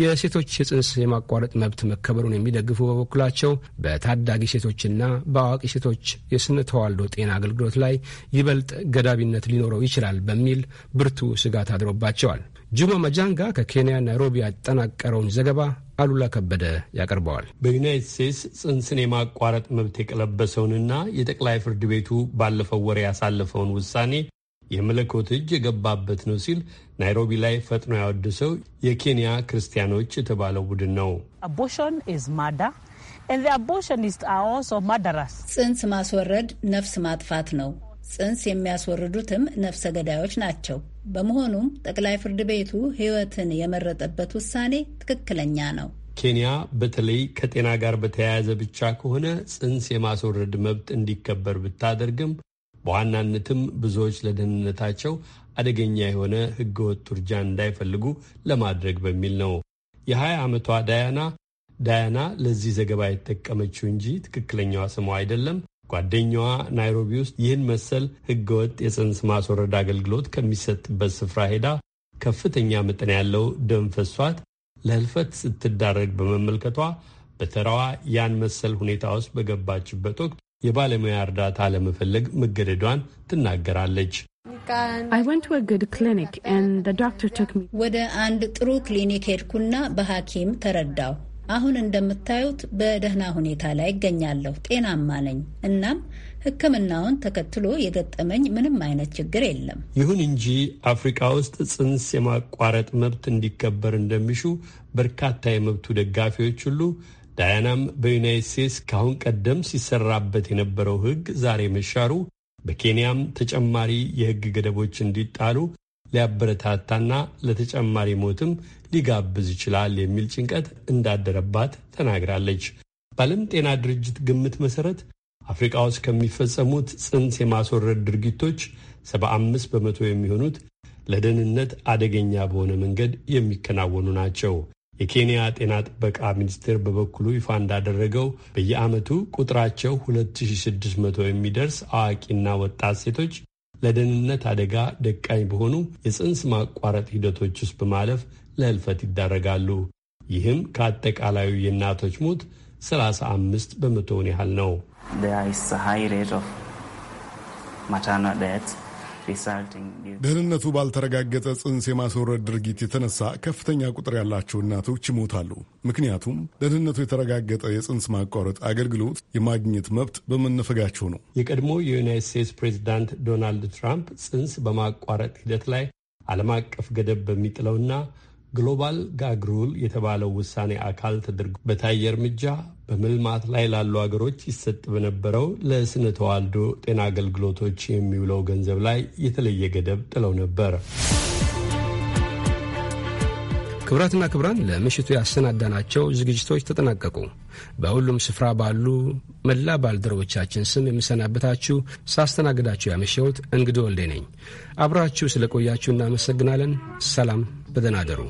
የሴቶች የጽንስ የማቋረጥ መብት መከበሩን የሚደግፉ በበኩላቸው በታዳጊ ሴቶችና በአዋቂ ሴቶች የስነ ተዋልዶ ጤና አገልግሎት ላይ ይበልጥ ገዳቢነት ሊኖረው ይችላል በሚል ብርቱ ስጋት አድሮባቸዋል። ጁማ መጃንጋ ከኬንያ ናይሮቢ ያጠናቀረውን ዘገባ አሉላ ከበደ ያቀርበዋል። በዩናይትድ ስቴትስ ጽንስን የማቋረጥ መብት የቀለበሰውንና የጠቅላይ ፍርድ ቤቱ ባለፈው ወር ያሳለፈውን ውሳኔ የመለኮት እጅ የገባበት ነው ሲል ናይሮቢ ላይ ፈጥኖ ያወደሰው የኬንያ ክርስቲያኖች የተባለው ቡድን ነው። ጽንስ ማስወረድ ነፍስ ማጥፋት ነው። ጽንስ የሚያስወርዱትም ነፍሰ ገዳዮች ናቸው። በመሆኑም ጠቅላይ ፍርድ ቤቱ ሕይወትን የመረጠበት ውሳኔ ትክክለኛ ነው። ኬንያ በተለይ ከጤና ጋር በተያያዘ ብቻ ከሆነ ጽንስ የማስወረድ መብት እንዲከበር ብታደርግም በዋናነትም ብዙዎች ለደህንነታቸው አደገኛ የሆነ ህገወጥ ውርጃ እንዳይፈልጉ ለማድረግ በሚል ነው። የ20 ዓመቷ ዳያና ዳያና ለዚህ ዘገባ የተጠቀመችው እንጂ ትክክለኛዋ ስሟ አይደለም ጓደኛዋ ናይሮቢ ውስጥ ይህን መሰል ህገወጥ የጽንስ ማስወረድ አገልግሎት ከሚሰጥበት ስፍራ ሄዳ ከፍተኛ መጠን ያለው ደም ፈሷት ለህልፈት ስትዳረግ በመመልከቷ በተራዋ ያን መሰል ሁኔታ ውስጥ በገባችበት ወቅት የባለሙያ እርዳታ ለመፈለግ መገደዷን ትናገራለች። ወደ አንድ ጥሩ ክሊኒክ ሄድኩና በሐኪም ተረዳው። አሁን እንደምታዩት በደህና ሁኔታ ላይ ይገኛለሁ። ጤናማ ነኝ። እናም ሕክምናውን ተከትሎ የገጠመኝ ምንም አይነት ችግር የለም። ይሁን እንጂ አፍሪካ ውስጥ ጽንስ የማቋረጥ መብት እንዲከበር እንደሚሹ በርካታ የመብቱ ደጋፊዎች ሁሉ ዳያናም በዩናይት ስቴትስ ከአሁን ቀደም ሲሰራበት የነበረው ሕግ ዛሬ መሻሩ በኬንያም ተጨማሪ የሕግ ገደቦች እንዲጣሉ ሊያበረታታና ለተጨማሪ ሞትም ሊጋብዝ ይችላል የሚል ጭንቀት እንዳደረባት ተናግራለች። በዓለም ጤና ድርጅት ግምት መሠረት አፍሪቃ ውስጥ ከሚፈጸሙት ጽንስ የማስወረድ ድርጊቶች 75 በመቶ የሚሆኑት ለደህንነት አደገኛ በሆነ መንገድ የሚከናወኑ ናቸው። የኬንያ ጤና ጥበቃ ሚኒስቴር በበኩሉ ይፋ እንዳደረገው በየዓመቱ ቁጥራቸው 2600 የሚደርስ አዋቂና ወጣት ሴቶች ለደህንነት አደጋ ደቃኝ በሆኑ የጽንስ ማቋረጥ ሂደቶች ውስጥ በማለፍ ለህልፈት ይዳረጋሉ። ይህም ከአጠቃላዩ የእናቶች ሞት 35 በመቶውን ያህል ነው። ደህንነቱ ባልተረጋገጠ ጽንስ የማስወረድ ድርጊት የተነሳ ከፍተኛ ቁጥር ያላቸው እናቶች ይሞታሉ። ምክንያቱም ደህንነቱ የተረጋገጠ የጽንስ ማቋረጥ አገልግሎት የማግኘት መብት በመነፈጋቸው ነው። የቀድሞ የዩናይት ስቴትስ ፕሬዚዳንት ዶናልድ ትራምፕ ጽንስ በማቋረጥ ሂደት ላይ ዓለም አቀፍ ገደብ በሚጥለውና ግሎባል ጋግ ሩል የተባለው ውሳኔ አካል ተደርጎ በታየ እርምጃ በምልማት ላይ ላሉ ሀገሮች ይሰጥ በነበረው ለስነ ተዋልዶ ጤና አገልግሎቶች የሚውለው ገንዘብ ላይ የተለየ ገደብ ጥለው ነበር። ክብራትና ክብራን ለምሽቱ ያሰናዳናቸው ዝግጅቶች ተጠናቀቁ። በሁሉም ስፍራ ባሉ መላ ባልደረቦቻችን ስም የምሰናበታችሁ ሳስተናግዳችሁ ያመሸሁት እንግዲህ ወልዴ ነኝ። አብራችሁ ስለ ቆያችሁ እናመሰግናለን። ሰላም፣ በደህና እደሩ።